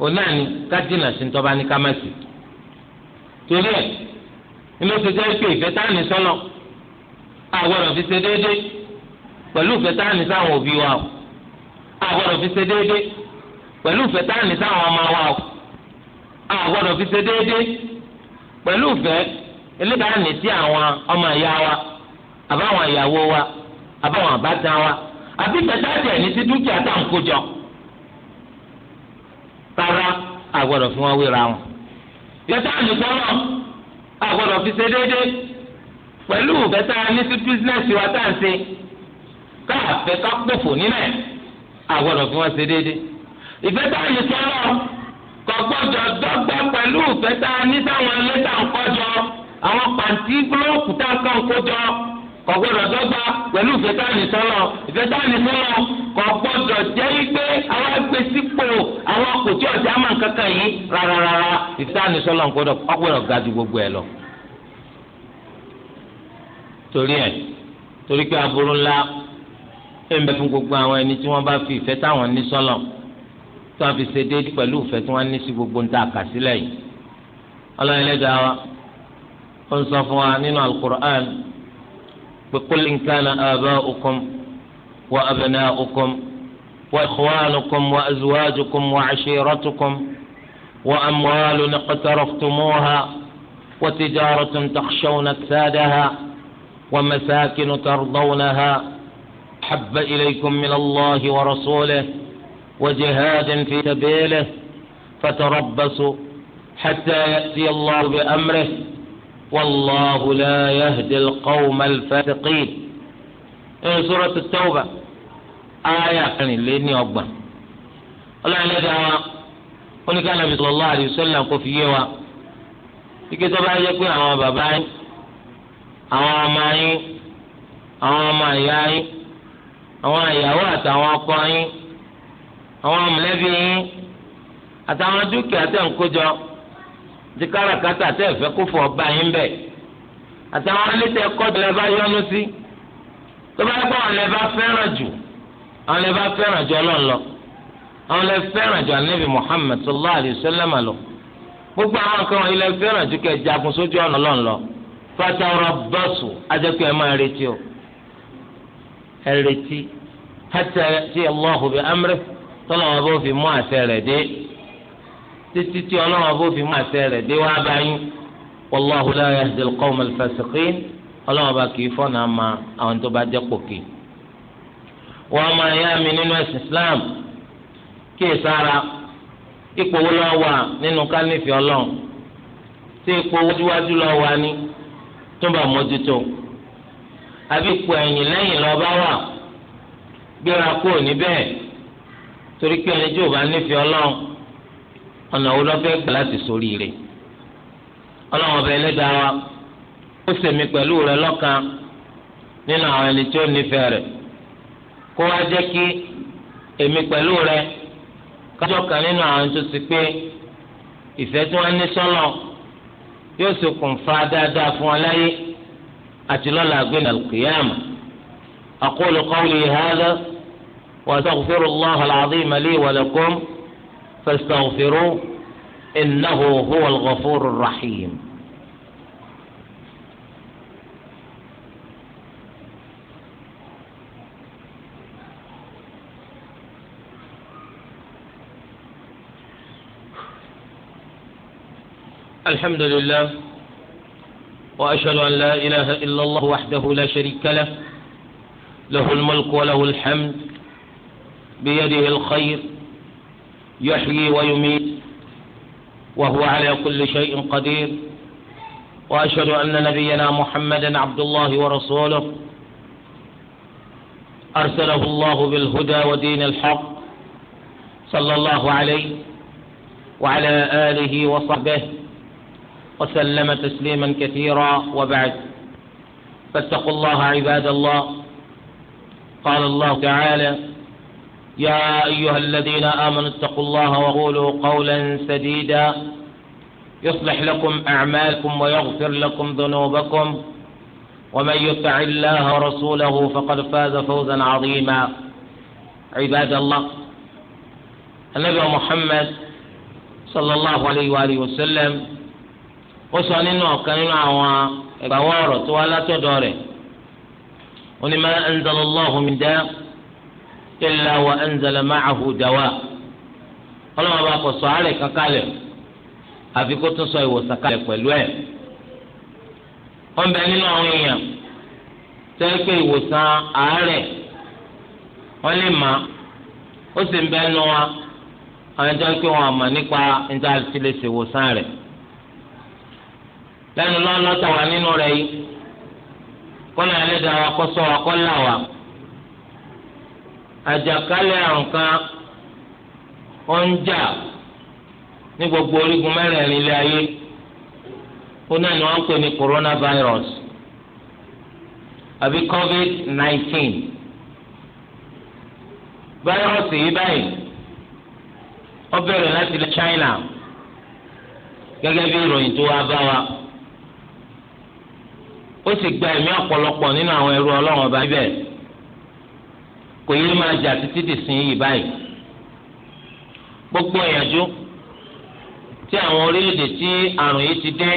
òun náà ní ká dínà sí ní tọ́ba ní ká má sí torí ẹ̀ inú ti jẹ́ pé ìfẹ́ tá à ní sọ́nà àgbọ̀dọ̀ fi ṣe déédéé pẹ̀lú ìfẹ́ tá à ní sáwọn òbí wa o àgbọ̀dọ̀ fi ṣe déédéé pẹ̀lú ìfẹ́ tá à ní sáwọn ọmọ wa o àgbọ̀dọ̀ fi ṣe déédéé pẹ̀lú ìfẹ́ eléyìí tá à ní sí àwọn ọmọ ìyá wa àbáwọn ìyàwó wa àbáwọn àbátan wa àbí ìfẹ́ tá à tẹ̀ ní sí dúkìá tá à ń kó jọ rárá àgbọ̀dọ̀ fi wọn wéra wọn ìfẹ́ tá à ní sọ́nà a gbọ́dọ̀ fi ṣe déédéé pẹ̀lú bẹ́tà ní sí bísínẹ́sì wa tá à ń ṣe káàfẹ́ ká pòfò nílẹ̀ a gbọ́dọ̀ fi wọ́n ṣe déédéé ìfẹ́ tá à ń sọ lọ kò gbọ́dọ̀ dọ́gba pẹ̀lú bẹ́tà ní sáwọn ilé tá à ń kọ́jọ àwọn pàǹtí búlọ́ọ̀kù tá à ń kọ́ kò gbọ́dọ̀ dọ́gba pẹ̀lú ìfẹ́tàní sọ́lọ̀ ìfẹ́tàní sọ́lọ̀ kò gbọ́dọ̀ jẹ́ wípé àwọn agbésípò àwọn kò tí ọ̀já mọ̀ kankan yìí rárára ìfẹ́tàní sọ́lọ̀ gbọ́dọ̀ ọgbọ́dọ̀ ga ju gbogbo ẹ̀ lọ. torí ẹ torí pé aburú ńlá ẹ ń bẹ fún gbogbo àwọn ẹni tí wọ́n bá fi ìfẹ́ táwọn ní sọ́lọ̀ tí wọ́n fi ṣe déédéé pẹ̀lú ìfẹ́ tí wọ́n ní sí gbogbo nta àkàsílẹ̀ yìí ọlọ́run ẹlẹ́dàá wa ó ń sọ fún wa nínú alukur'an بقل إن كان آباؤكم وأبناؤكم وإخوانكم وأزواجكم وعشيرتكم وأموال اقترفتموها وتجارة تخشون كسادها ومساكن ترضونها حب إليكم من الله ورسوله وجهاد في سبيله فتربصوا حتى يأتي الله بأمره والله لا يهدي القوم الفاسقين إن سورة التوبة آية يعني لأني أكبر الله لا دعوة وني كان النبي صلى الله عليه وسلم كفي يوا ike tó bá yẹ pé àwọn bàbá yín àwọn ọmọ yín àwọn ọmọ ìyá yín àwọn ìyàwó àtàwọn ọkọ yín àwọn mọ̀lẹ́bí yín àtàwọn dúkìá tẹ̀ ń kó jọ tí káràkátà tẹ́ ẹ̀fẹ́ kó fọ ọba yín bẹ̀ àtàwọn alẹ́tẹ̀ ẹ̀kọ́ tó lẹ́ẹ̀ bá yọnu sí tó bá gbọ́ àwọn bá fẹ́ràn jù àwọn bá fẹ́ràn jù ọlọ́run lọ àwọn lẹ́ẹ̀ jù anabi Muhammad sallallahu alayhi wa sallam lọ gbogbo àwọn nǹkan wọ̀nyí lẹ́ẹ̀ fẹ́ràn jù kẹ́ jagun sójú ọ̀nà ọlọ́run lọ fatawọ́rọ̀ bọ́ọ̀sù ajẹ́kọ̀ ẹ̀ máa retí o ẹ̀ retí hàtà tí allahu bi amrẹ tọ́lọ́wọ́n bó fi mú àṣẹ rẹ̀ dé títí tí ọlọ́run bó fi mú àṣẹ rẹ̀ dé wá báyìí wallahu la yahdi al-qawma al-fasiqin ọlọ́run bá kì í fọ́nà ma àwọn tó bá jẹ́ pòkè. wọ́n máa yá mi nínú ẹ̀sìn islam kí è sára ipò wà nínú kálífì ọlọ́run tí ipò wájúwájú lọ́ọ́ wà ní tó mójútó àbí ipò ẹ̀yìn lẹ́yìn lọ́ọ́ wà gbéra kúrò níbẹ̀ torí pé ẹni tí ò ọ̀nà wo lọ́fẹ́ gbà láti sórí rẹ̀ ọlọ́run ọba ẹlẹ́dàá wa ó sèmi pẹ̀lú rẹ lọ́kan nínú àwọn ẹni tí ó nífẹ̀ẹ́ rẹ̀ kó wá jẹ́ kí èmi pẹ̀lú rẹ kan nínú àwọn tó ti pé ìfẹ́ tí wọ́n ní sọ́lọ̀ yóò ṣokùnfà dáadáa fún ọ láyé àti lọ́la أقول قولي هذا وأستغفر الله العظيم فاستغفروه إنه هو الغفور الرحيم الحمد لله وأشهد أن لا إله إلا الله وحده لا شريك له له الملك وله الحمد بيده الخير يحيي ويميت وهو على كل شيء قدير واشهد ان نبينا محمدا عبد الله ورسوله ارسله الله بالهدى ودين الحق صلى الله عليه وعلى اله وصحبه وسلم تسليما كثيرا وبعد فاتقوا الله عباد الله قال الله تعالى يا أيها الذين آمنوا اتقوا الله وقولوا قولا سديدا يصلح لكم أعمالكم ويغفر لكم ذنوبكم ومن يطع الله ورسوله فقد فاز فوزا عظيما عباد الله النبي محمد صلى الله عليه وآله وسلم وصل إنه كان إنه بوارة ولا تدري ولما أنزل الله من داء illa wa anzala ma'ahu dawa ọlọ́wọ́n bá kọ̀ sọ àárẹ̀ kankalẹ̀ àfi kó tún sọ ìwòsàn kalẹ̀ pẹ̀lú ẹ̀ wọ́n bẹ nínú àwọn èèyàn tó yẹ pé ìwòsàn àárẹ̀ wọ́n lè mà ó sì ń bẹ nínú wa àwọn ẹjọ́ pé wọ́n àmọ̀ àjàkálẹ̀ àrùn kan ó ń jà ní gbogbo orígun mẹ́rẹ̀ẹ̀rin ilé ayé ó náà ni wọ́n pè ní coronavirus àbí covid nineteen fáírọ́ọ̀sì yìí báyìí ó bẹ̀rẹ̀ láti ilẹ̀ China gẹ́gẹ́ bí ìròyìn tó wá bá wa ó sì gba ẹ̀mí ọ̀pọ̀lọpọ̀ nínú àwọn ẹrú ọlọ́run ọba bẹ́ẹ̀. kò yẹ máa jà títí di sin yìí báyìí gbogbo ìyànjú tí àwọn orílẹ̀-èdè tí àrùn yìí ti dé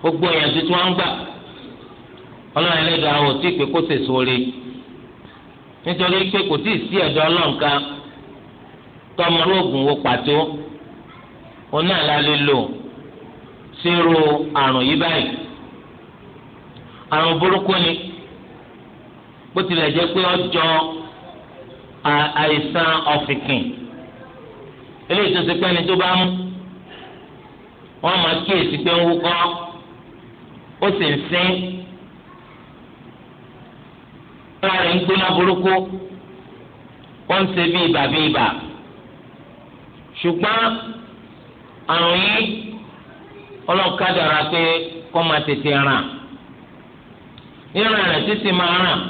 gbogbo ìyànjú tí wọ́n ń gbà ọlọ́run ẹlẹ́dàá àwọn òtí pé kó sèso nítorí pé kò tí ì sí ẹ̀dọ́ wo pàtó lò sírò àrùn yìí báyìí àrùn burúkú ni. bó tilẹ̀ jẹ́ pé ọjọ́ àìsàn ọ̀fìnkìn eléyìí tó ṣe pé ẹni tó bá mú wọ́n máa kíyèsí pé ń wúkọ́ ó sì ń sín ara rẹ̀ ń gbóná burúkú wọ́n ń ṣe bí ibà bí ibà ṣùgbọ́n àrùn yìí ọlọ́kadà ra pé kọ́ máa tètè ràn ìrìn rẹ̀ títí máa ràn.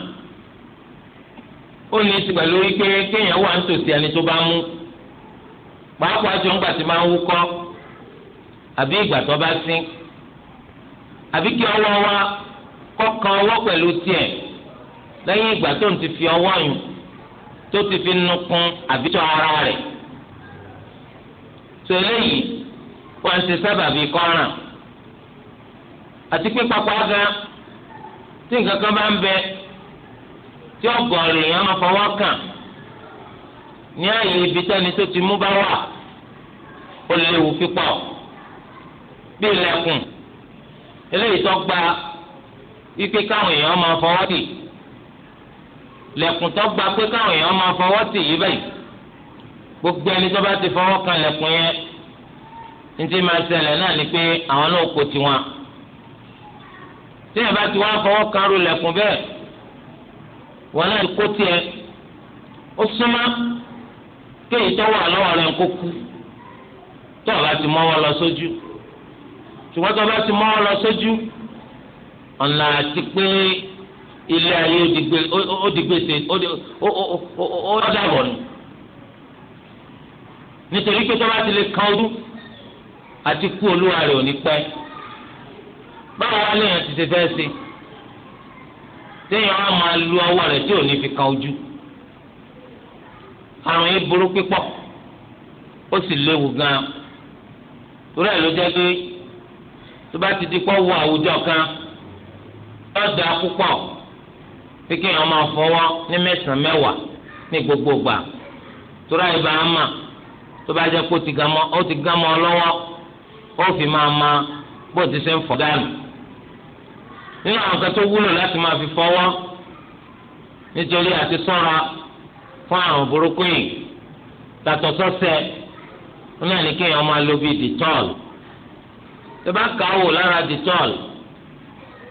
ó ní ìsìgbà lórí pé kéèyàn wà nítòsí ẹni tó bá mú pàápàá tó ń gbà tí máa ń wúkọ́ àbí ìgbà tó bá sín àbí kí ọwọ́ wa kọ́kan ọwọ́ pẹ̀lú tiẹ̀ lẹ́yìn ìgbà tó ń ti fi ọwọ́ yùn tó ti fi nukun àbí tó ara rẹ̀ tó eléyìí wọ́n ti sábà bí kọ́ràn àti pé pápá tí nǹkan kan tí ọgọrin èèyàn máa fọwọ́ kàn ní àyè ibi tẹ́ni tó ti mú bá wà ó léwu bí ilẹ̀kùn eléyìí tó gba ike káwọn èèyàn máa fọwọ́ tì lẹkùn tó gba pé káwọn èèyàn máa fọwọ́ tì yí bẹ́ẹ̀ gbogbo ẹni tó bá ti kan yẹn máa náà ni pé àwọn náà kò tiwọn tí ẹ ti wá kan ru lẹ̀kùn wọn náà kó tiẹ̀ ó súnmọ́ kéyìí tó wà lọ́wọ́ kó kú tó o bá ti mọ́wọ́ lọ sójú ṣùgbọ́n tó o bá ti mọ́wọ́ lọ sójú ọ̀nà àti pé ilé ayé ó di gbèsè ó ti lè kan àti kú olúwa ò ní báwo wá téèyàn á máa lu ọwọ́ rẹ̀ tí ò ní fi kan ojú àrùn yìí burú pípọ̀ ó sì léwu gan-an torí ẹ̀ ló jẹ́ pé tó bá ti di pọ́ wọ àwùjọ kan lọ́dà púpọ̀ pé kéèyàn máa fọwọ́ ní mẹ́sàn-án ní gbogbo gbà torí mà tó bá ti mọ́ ọ lọ́wọ́ fi máa ma bó ti ṣe ń fọ̀ nínú àwọn kan tó wúlò láti máa fi fọwọ́ nítorí àti sọ́ra fún àrùn burúkú yìí tàtọ̀ sọ́sẹ̀ náà ní kéèyàn máa lo bíi dìtọ́ọ̀lù tó bá kà á wò lára dìtọ́ọ̀lù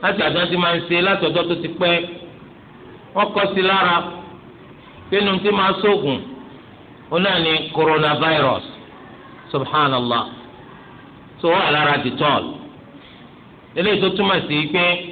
láti àdán tí máa ń ṣe látọ̀dọ́ tó ti pẹ́ wọ́n kọ́ sí lára pinnu tí máa sóògùn ó náà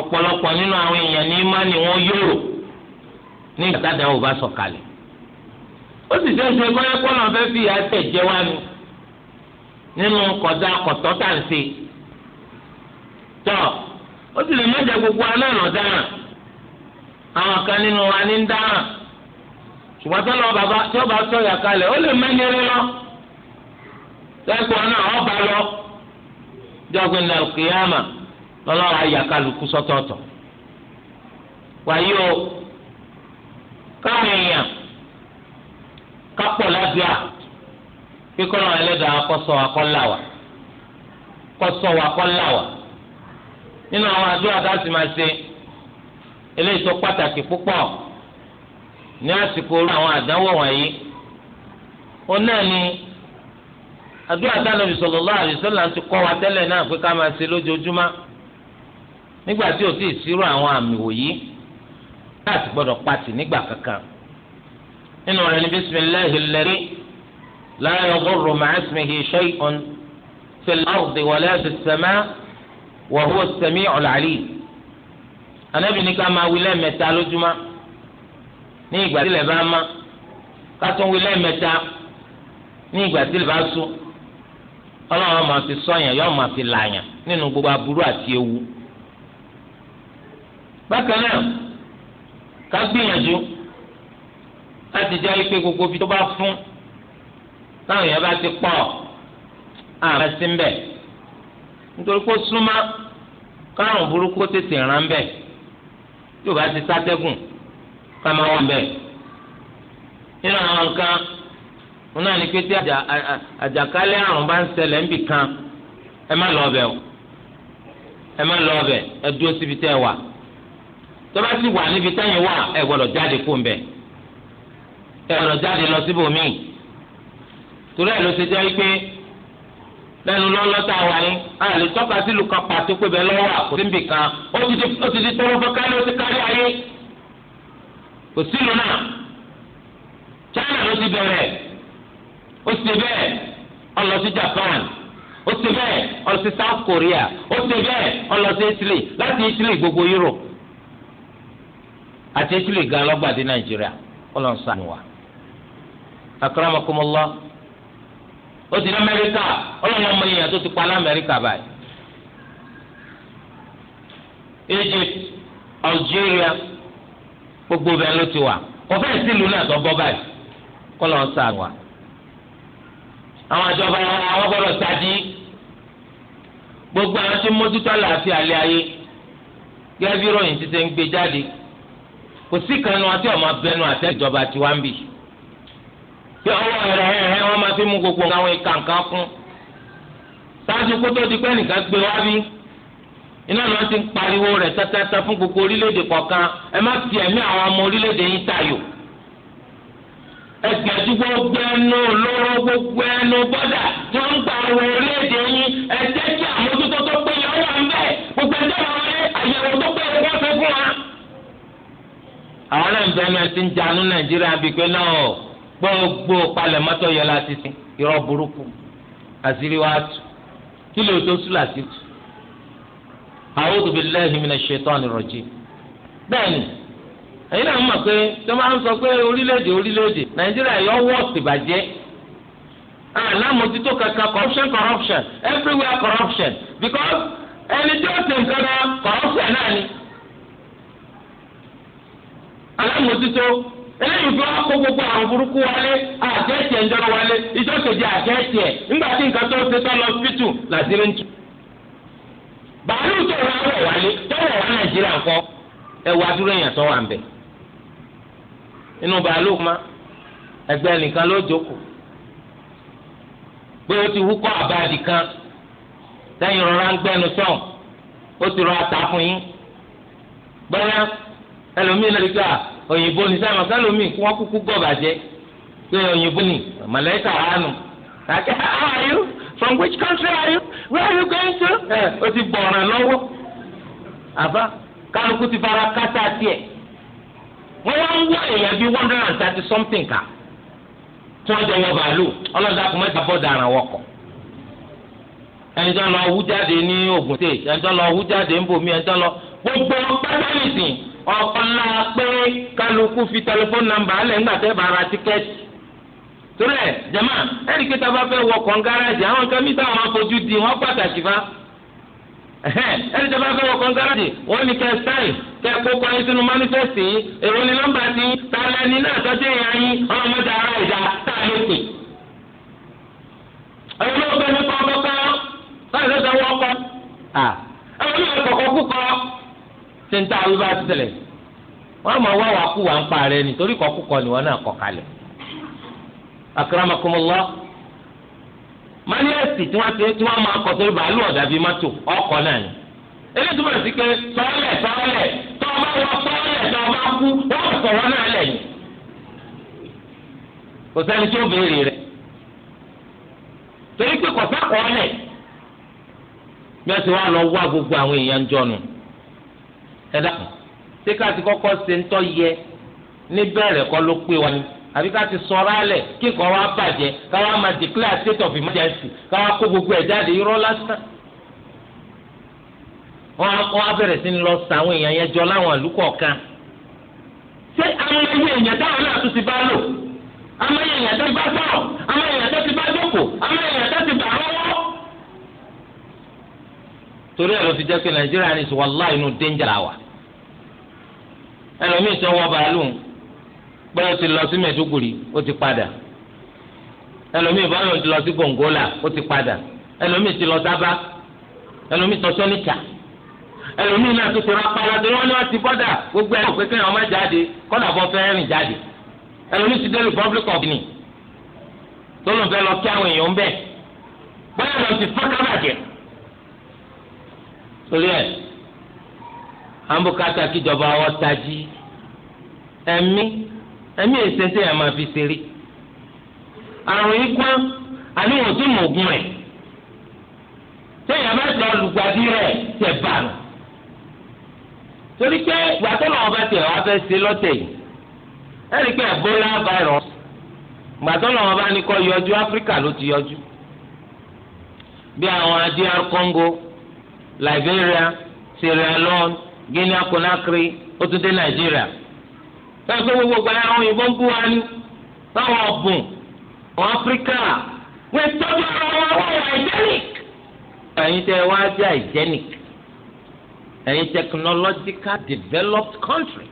ọ̀pọ̀lọpọ̀ nínú àwọn èèyàn ní má ni wọ́n yòrò ní ìgbàdàn ò bá sọ̀kalẹ̀ ó sì ṣe ṣe bóyá pọ́nà fẹ́ fi àtẹ̀ jẹ wá ni nínú kọjá kọ̀tọ́ tà ń ṣe tọ́ ó sì lè má jẹ gbogbo aná ọ̀nà dáràn àwọn kan nínú wa ní ń dáràn ṣùgbọ́n tó lọ bàbá tí ó bá lọ lẹ́kọ̀ọ́ náà lọ jọ́gbìn lọ́lọ́wọ́ ayàkálukú sọ́tọ̀ọ̀tọ̀ wàyí o káwọn èèyàn kápọ̀ ládùá kíkọ́ ẹlẹ́dàá akọ́láwà nínú àwọn àdúrà tá a sì máa ṣe eléyìí tó pàtàkì púpọ̀ ní àsìkò orí àwọn àdánwò wọ̀nyí ó náà ni àdúrà tá a ti kọ́ wa tẹ́lẹ̀ náà pé ká máa ṣe lójoojúmọ́. nígbà tí o ti sírò àwọn àmì wòyí láti gbọ́dọ̀ pati nígbà kankan nínú rẹ̀ ní bisimilahi lẹri láyọ gbọrọ màásìmìhì ṣẹyìn fìlà ọ̀dẹ wọlé ẹsẹ sẹmẹ wọhú sẹmí ọlàlì anabi ní ká máa wí lẹ́ẹ̀mẹ́ta lójúmọ́ ní ìgbà tí ilẹ̀ bá mọ́ ká tún wí lẹ́ẹ̀mẹ́ta ní ìgbà tí ilẹ̀ sùn ọlọ́run máa fi sọ̀yàn yóò máa fi làyàn nínú gbogbo aburú àti ewu bákan náà ká gbìyànjú láti jẹ́ wípé gbogbo ibi tó bá fún táwọn èèyàn bá ti pọ̀ àmọ́ sí ń bẹ̀ nítorí kó súnmọ́ káàrùn burúkú tètè ràn ń bẹ̀ tí ò bá ti sátẹ́gùn ká máa wà ń bẹ̀ nínú àwọn nǹkan wọn náà ní pé tí àjàkálẹ̀ àrùn bá ń ṣẹlẹ̀ ń bì kan ẹ má lọ ọbẹ̀ ẹ má lọ ọbẹ̀ ẹ dúró síbi tẹ́ ẹ wà tọ́ba sì wà níbi táyìn wà ẹ gbọ́dọ̀ jáde fún bẹ́ẹ̀ ẹ gbọ́dọ̀ jáde lọ síbòmíì torí ẹ̀ ló ṣe jẹ́ pé lẹ́nu lọ́lọ́ta wà ní àlè tọ́ka sílùú kan pàtó pé bẹ́ẹ̀ lọ́wọ́ àkótínbì kan ó ti di ó ti di tọ́wọ́ fẹ́ kárí ó ti kárí ayé kò sílùú náà China ló ti bẹ̀rẹ̀ ó ti bẹ́ẹ̀ ó lọ sí Japan ó ti bẹ́ẹ̀ ó lọ sí South Korea ó ti bẹ́ẹ̀ ó lọ sí Italy láti Italy gbogbo Europe àti Italy gan lọ́gbà dé Nàìjíríà ọlọ́run ṣàánú wa. akramakumullah ó ti ní Amẹ́ríkà ọlọ́run ọmọ èèyàn tó ti Egypt Algeria gbogbo bẹ́ẹ̀ ló ti wà náà tó bọ́ báyìí àwọn àjọba gbogbo àwọn tí mójútó àlàáfíà lé ayé gẹ́gẹ́ bí ìròyìn ti ń gbé kò sí kan nu àti ọmọ abẹnú àti ìjọba tiwa ń bì pé ọwọ́ ẹ̀rọ ẹ̀rẹ́ wọn máa fi mú gbogbo àwọn ìka nǹkan kún sáájú kó tó di pé nìkan gbé wá bí iná ló ti ń pariwo rẹ̀ tẹ́tẹ́tẹ́ fún gbogbo orílẹ̀-èdè kọ̀ọ̀kan ẹ má fi ẹ̀mí àwọn ọmọ orílẹ̀-èdè yín tayò ẹgbẹ̀jú gbogbo ẹnu olóró gbogbo ẹnu bọ́dà tí wọ́n ń pariwo orílẹ̀-èdè yín ẹ kí àmójútó tó péye ó àwọn náà ń bẹ́ẹ̀ máa ti ń janú nàìjíríà bíi pé náà gbogbo palẹ̀mọ́tò yẹ sin irọ́ burúkú àṣírí wa tù kí ló tó sùn láti tù. a'udhu billahi minash shaitani rajim. bẹ́ẹ̀ni ẹ̀yin náà mọ̀ pé tó máa ń sọ pé orílẹ̀-èdè orílẹ̀-èdè nàìjíríà yọ wọ́ọ̀sì bàjẹ́ alámòtító kankan corruption corruption everywhere corruption because ẹni tí ó ti nǹkan náà corruption náà ni. alámòtútó eléyìí fi wọn kó gbogbo àwọn burúkú wálé àjẹsẹ ńjọrọ wálé ìjọ kejì àjẹsẹ nígbà tí nǹkan tó ṣe tán lọ síbítù làṣírí ń tú. bàálù tó wọ̀ wálé tó wọ̀ wá nàìjíríà ńkọ́ ẹ wá dúró èèyàn tó wà ń bẹ̀. bàálù kuma ẹgbẹ́ nìkan ló jókòó pé ó ti wúkọ́ àbáàdì kan sẹ́yìn rọra ń gbẹ́nu ó ti rọ ata ẹlòmíì lórí pé òyìnbó ni sáà màkà ẹlòmíì kí wọ́n kúkú gọ̀ bàjẹ́ pé òyìnbó ni màlẹ́kà hánu àti how are you from which country are you where are you going to o ti lọ́wọ́ àbá ti fara kásá tiẹ̀ wọ́n wá ń wá èèyàn bíi one hundred and thirty something ka tí wọ́n jọ wọ bàálù ọlọ́dà kò mẹ́ta bọ́ dàrán wọkọ̀ ẹni tó lọ hú jáde ní Ògùn state ẹni tó lọ jáde gbogbo ọ̀pọ̀lá pé kálukú fi tẹlifóònù nàmbà alẹ́ ńgbà tẹ́ bá ra tíkẹ́ẹ̀tì. torí ẹ̀ jama kí tábà wọ kọngaraji àwọn nǹkan mi táwọn di wọ́n pàtàkì fa. ẹ̀rí tábà fẹ wọ kàn gáràjì wọ́n ní sáì kẹ́ kó kọ́ni sínú manifest èrò ti náà yín ara ìjà pè. ní ṣé ń tá àwọn bá ti wọ́n á wá wàá kú wàá ń pa rẹ nítorí kọ́kúkọ ni wọ́n náà kọ́ kalẹ̀ tí wọ́n ti tí wọ́n máa sórí bàálù ọ̀dà bíi mọ́tò ọkọ̀ náà ni sí pé tọ́lẹ̀ tọ́lẹ̀ wọ tọ́lẹ̀ tọ́ba kú wọ́n sọ wọn náà lẹ̀ bí wọ́n ti wá lọ wá gbogbo ẹ dákun ṣé ká ti kọ́kọ́ ṣe ń tọ́ yẹ níbẹ̀rẹ̀ kọ́ ló pé wa ni àbí ká ti sọ ọ́rá lẹ̀ kí nǹkan wá bàjẹ́ ká wá máa declare state of emergency ká wá kó gbogbo ẹ̀ jáde irọ́ lásán. wọ́n á bẹ̀rẹ̀ sí ni lọ sa àwọn èèyàn yẹn jọ láwọn ìlú kọ̀ọ̀kan. ṣé àwọn ẹgbẹ́ èèyàn táwọn náà tún ti bá lò? àwọn èèyàn tó ti bá ti bá jókòó àwọn ẹlòmíì tó wọ bàálù pé ó ti lọ sí mẹdúgùrì ó ti padà ẹlòmíì báyọ̀ ti lọ sí gbòǹgólà ó ti padà ẹlòmíì ti lọ sábà ẹlòmíì tó sọ́nìkà ẹlòmíì náà tó ti rápálá tó wọ́n ní wọ́n ti bọ́dà gbogbo ẹ̀ òpè kéèyàn má jáde kọ́dà bọ́ fẹ́ rìn jáde ẹlòmíì ti dé Republic of Guinea tó lóun fẹ́ lọ kí àwọn èèyàn bẹ́ẹ̀ báyọ̀ lọ ti fọ́n kábàjẹ́ àǹbùkátà kíjọba ọ tají ẹ̀mí ẹ̀mí ìsẹsẹ yẹn máa fi ṣeré àrùn igbá àníwọ̀n tí mò ń gun rẹ̀ téèyàn bá sọ olùgbàdì rẹ̀ tẹ̀ bàrù torí pé ìgbà tó tẹ̀ wá fẹ́ ṣe lọ́tẹ̀ yìí ẹ̀rí pé Ebola virus ìgbà tó lọ́wọ́ bá ní kọ́ yọjú Áfíríkà ló ti yọjú bí àwọn adr Congo Liberia Sierra Leone Guinea Conakry ó tún dé Nàìjíríà sọ́dọ̀ pé gbogbo gba àwọn òyìnbó ń bú wa ní báwọn ọ̀bùn àwọn Áfíríkà wọ́n tọ́jú ara wọn ẹ̀yin wá jẹ́ ẹ̀yin technological developed country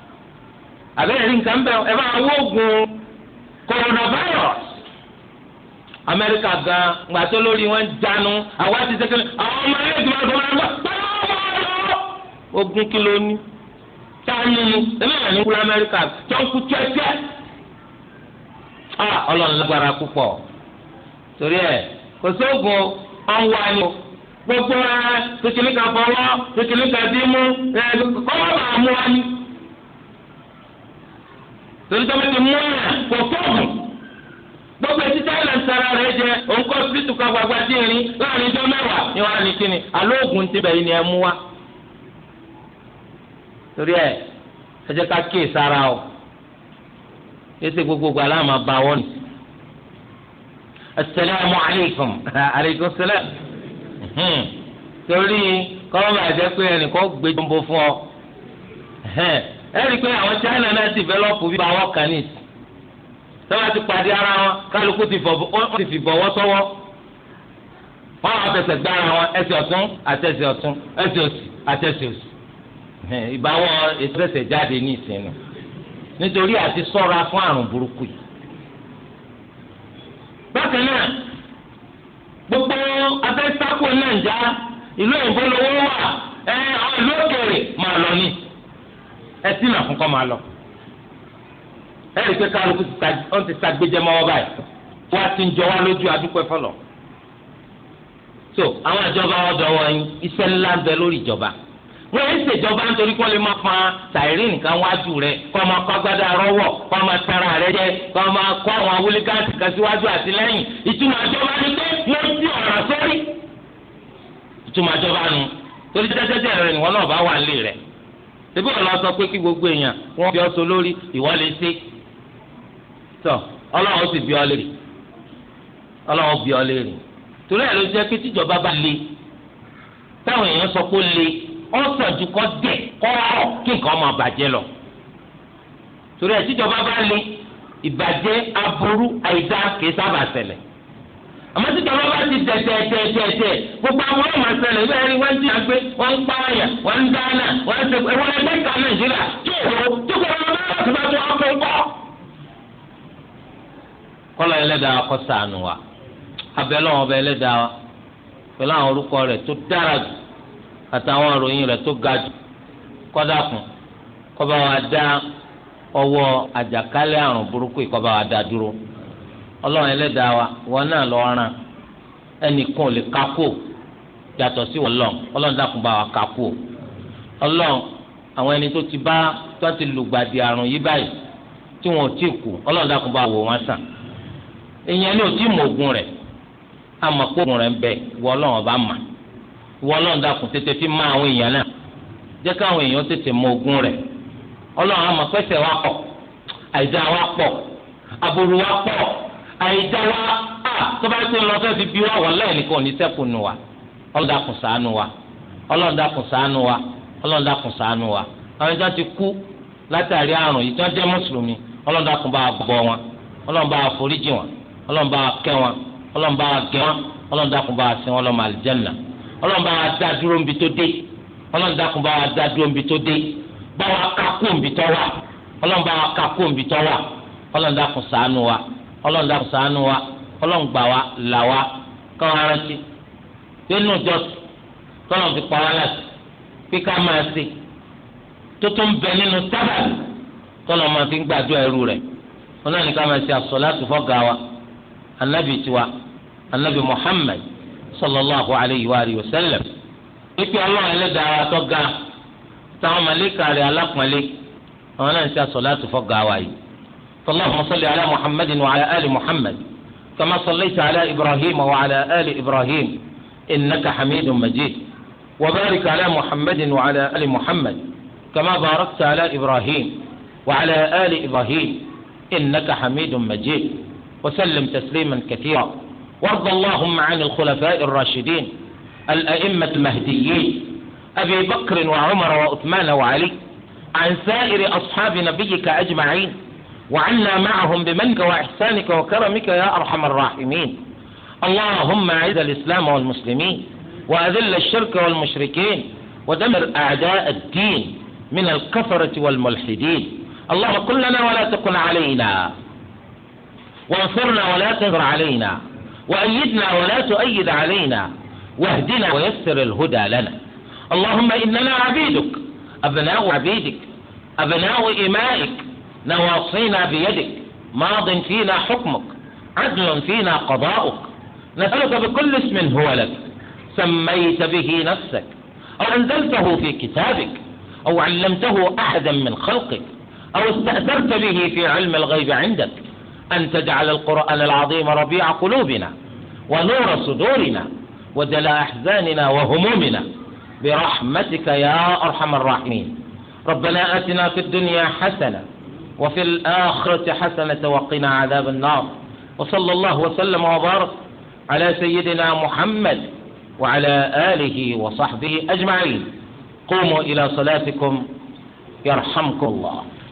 àbẹ́rẹ́ ní nǹkan bẹ́ẹ̀ ẹ bá wọ́n oògùn coronavirus amẹ́ríkà gan gbàtọ́ lórí wọn jánu àwọn àti sẹ́kẹ̀lẹ̀ àwọn ọmọ ogún kìló ní tani ni ẹ̀mí wà ní wúlò amẹ́ríkà tó ń kú tíẹ́tíẹ́ a ah, ọlọ́run lágbára púpọ̀ torí ẹ̀ kò sóògùn ọ̀hún wa ni o gbogbo ẹ tuntun ka fọwọ́ tuntun ka dìímú ẹ kọ́wọ́ bá mú wa ni torí tó ti mú ẹ kò sóògùn gbogbo etí táyà sara rẹ jẹ òun kọ́ sípítù kan gbàgbà dìrín láàrin ijọ́ mẹ́wàá ni wọ́n á ní kíni alóògùn tibẹ̀ yìí ni ẹ mú wa torí ẹ ẹ jẹ́ ká kíyè sára o ètò gbogbogbò aláàmà bá wọn ni asalaamu aleykum aleykum salaam torí kọ́mọ́ bá jẹ́ pé ẹnìkan gbé jọmbo fún ọ ẹ pé àwọn China náà dìvẹ́lọ́pù bí báwọn kàn ní ìsìn tọ́wọ́ ti pàdé ara wọn kálukú ti fìbọ̀wọ́ sọ́wọ́ wọn àwọn fẹsẹ̀ gbára wọn ẹsẹ̀ ọ̀tún àtẹ̀sẹ̀ ọ̀tún ẹsẹ̀ òsì àtẹ̀sẹ̀ òsì ìbáwọ ìsẹsẹ jáde ní ìsinmi nítorí àti ṣọ́ra fún àrùn burúkú yìí. bákan náà gbogbo abẹ́sáko nàìjà ìlú òyìnbó lówó wà ẹ àwọn ìlú òkèèrè máa lọ ní ẹ sì nà fún kọ́ máa lọ. ẹ rí i pé kálukú ti sàgbéjẹ mọ́wọ́ báyìí wá ti ń jọ wá lójú adúpẹ́ fọlọ́. so àwọn ìjọba ọ̀dọ̀ wọ̀nyí iṣẹ́ ńlá ń bẹ lórí ìjọba. So, wọ́n yẹn ṣèjọba nítorí kọ́ lè máa fa tàìrí nìkan wájú rẹ̀ kọ́ máa kọ́ gbádà rọ́wọ̀ kọ́ tara rẹ̀ jẹ́ kọ́ máa kọ́ àwọn awúlígáàsì kan síwájú àti lẹ́yìn ìtumọ̀ àjọba ni pé wọ́n ti ọ̀rọ̀ sórí. ìtumọ̀ àjọba nu torí jẹ́jẹ́jẹ́ rẹ̀ ni wọ́n náà bá wà nílé rẹ̀ ṣébí ọ̀la sọ pé kí gbogbo èèyàn wọ́n fi ọsọ lórí ìwọ́ lè ọlọ́run ó sàn ju kọ́ dẹ̀ kọ́ rọ̀ kí nǹkan máa bàjẹ́ lọ. torí ẹ̀ tíjọba bá le ìbàjẹ́ aburú àìdá kìí sábà ṣẹlẹ̀ àmọ́ tíjọba bá ti tẹ̀ tẹ̀ tẹ̀ tẹ̀ tẹ̀ gbogbo àwọn ọmọ ṣẹlẹ̀ bẹ́ẹ̀ rí wọ́n ti yà gbé wọ́n ń pa àyà wọ́n ń dáná wọ́n ń sèkú ẹ̀wọ́n ẹgbẹ́ ìta nàìjíríà tó o tó kọ́ ọmọ náà tó bá tó ọkọ̀ ńkọ́. kọ́lọ̀ ẹlẹ́dàá kọ́ ṣàánú wa abẹ́ lọ́wọ́ ọba ẹlẹ́dàá wa pẹ̀lú àwọn orúkọ rẹ̀ tó dára jù àtàwọn ìròyìn rẹ̀ tó ga jù kọ́dà kún kọ́ba wa dá ọwọ́ àjàkálẹ̀ àrùn burúkú yìí kọ́ba wa dá dúró ọlọ́run ẹlẹ́dàá wa wọn náà lọ ràn ẹnìkan ò lè kákó yàtọ̀ sí wọn lọ́n ọlọ́run dàkún bá wa kákó ọlọ́run àwọn ẹni tó ti bá tó ti lùgbàdì àrùn yìí báyìí tí wọn ò tí kú ọlọ́run dàkún bá wò wọn sàn èèyàn ni ò tí mọ ogun rẹ̀ àmọ́ pé ogun rẹ̀ ń bẹ wọ ọlọ́run ọba mà ìwọ ọlọ́run dàkún tètè fi má àwọn èèyàn náà jẹ́ káwọn èèyàn tètè mọ ogun rẹ̀ ọlọ́run àmọ́ pẹ́sẹ̀ wa pọ̀ àìdá wa pọ̀ aburú wa pọ̀ àìdá wa à tó bá tó lọ sẹ́ẹ̀ fi bí wà wọ́n lẹ́yìn nìkan ní sẹ́kù nù wa ọlọ́run dàkún ṣàánú wa ọlọ́run dàkún ṣàánú wa ọlọ́run dàkún ṣàánú wa àwọn ìjọ ti kú látàrí àrùn yìí tó mùsùlùmí ọlọ́run dàkún bá gbọ́ wọn ọlọ́run bá foríjì wọn ọlọ́run bá kẹ́ wọn ọlọ́run bá gẹ́ wọn ọlọ́run dàkún bá sin wọn lọ́mọ ọlọ́run bá wa dá dúró níbi tó dé ọlọ́run dákun bá wa dá dúró níbi tó dé bá wa ká kó tó wà ọlọ́run bá wa ká kó níbi tó wà ọlọ́run dákun ṣàánú wa ọlọ́run dákun ṣàánú wa ọlọ́run gbà wa là wa káwọn arántí nínú ìjọsìn tọ́lọ̀ fi pa wá láti pé máa ṣe tó bẹ nínú sábà tọ́lọ̀ máa fi gbàdúrà ẹrú rẹ̀ ọlọ́run ní ká máa ṣe àsọ̀látù fọ́gà wa anábì tiwa anábì Muhammad صلى الله عليه وآله وسلم ikpe ọlọ́run ẹlẹ́dàá wa tó ga مليك على rẹ̀ مليك وانا náà ń ṣe àsọ̀láàtù فاللهم صل على محمد وعلى آل محمد كما صليت على إبراهيم وعلى آل إبراهيم إنك حميد مجيد وبارك على محمد وعلى آل محمد كما باركت على إبراهيم وعلى آل إبراهيم إنك حميد مجيد وسلم تسليما كثيرا وارض اللهم عن الخلفاء الراشدين الأئمة المهديين أبي بكر وعمر وعثمان وعلي عن سائر أصحاب نبيك أجمعين وعنا معهم بمنك وإحسانك وكرمك يا أرحم الراحمين اللهم أعز الإسلام والمسلمين وأذل الشرك والمشركين ودمر أعداء الدين من الكفرة والملحدين اللهم كن لنا ولا تكن علينا وانصرنا ولا تنصر علينا وأيدنا ولا تؤيد علينا واهدنا ويسر الهدى لنا اللهم إننا عبيدك أبناء عبيدك أبناء إمائك نواصينا بيدك ماض فينا حكمك عدل فينا قضاؤك نسألك بكل اسم هو لك سميت به نفسك أو أنزلته في كتابك أو علمته أحدا من خلقك أو استأثرت به في علم الغيب عندك أن تجعل القرآن العظيم ربيع قلوبنا ونور صدورنا ودلاء أحزاننا وهمومنا برحمتك يا أرحم الراحمين ربنا آتنا في الدنيا حسنة وفي الآخرة حسنة وقنا عذاب النار وصلى الله وسلم وبارك على سيدنا محمد وعلى آله وصحبه أجمعين قوموا إلى صلاتكم يرحمكم الله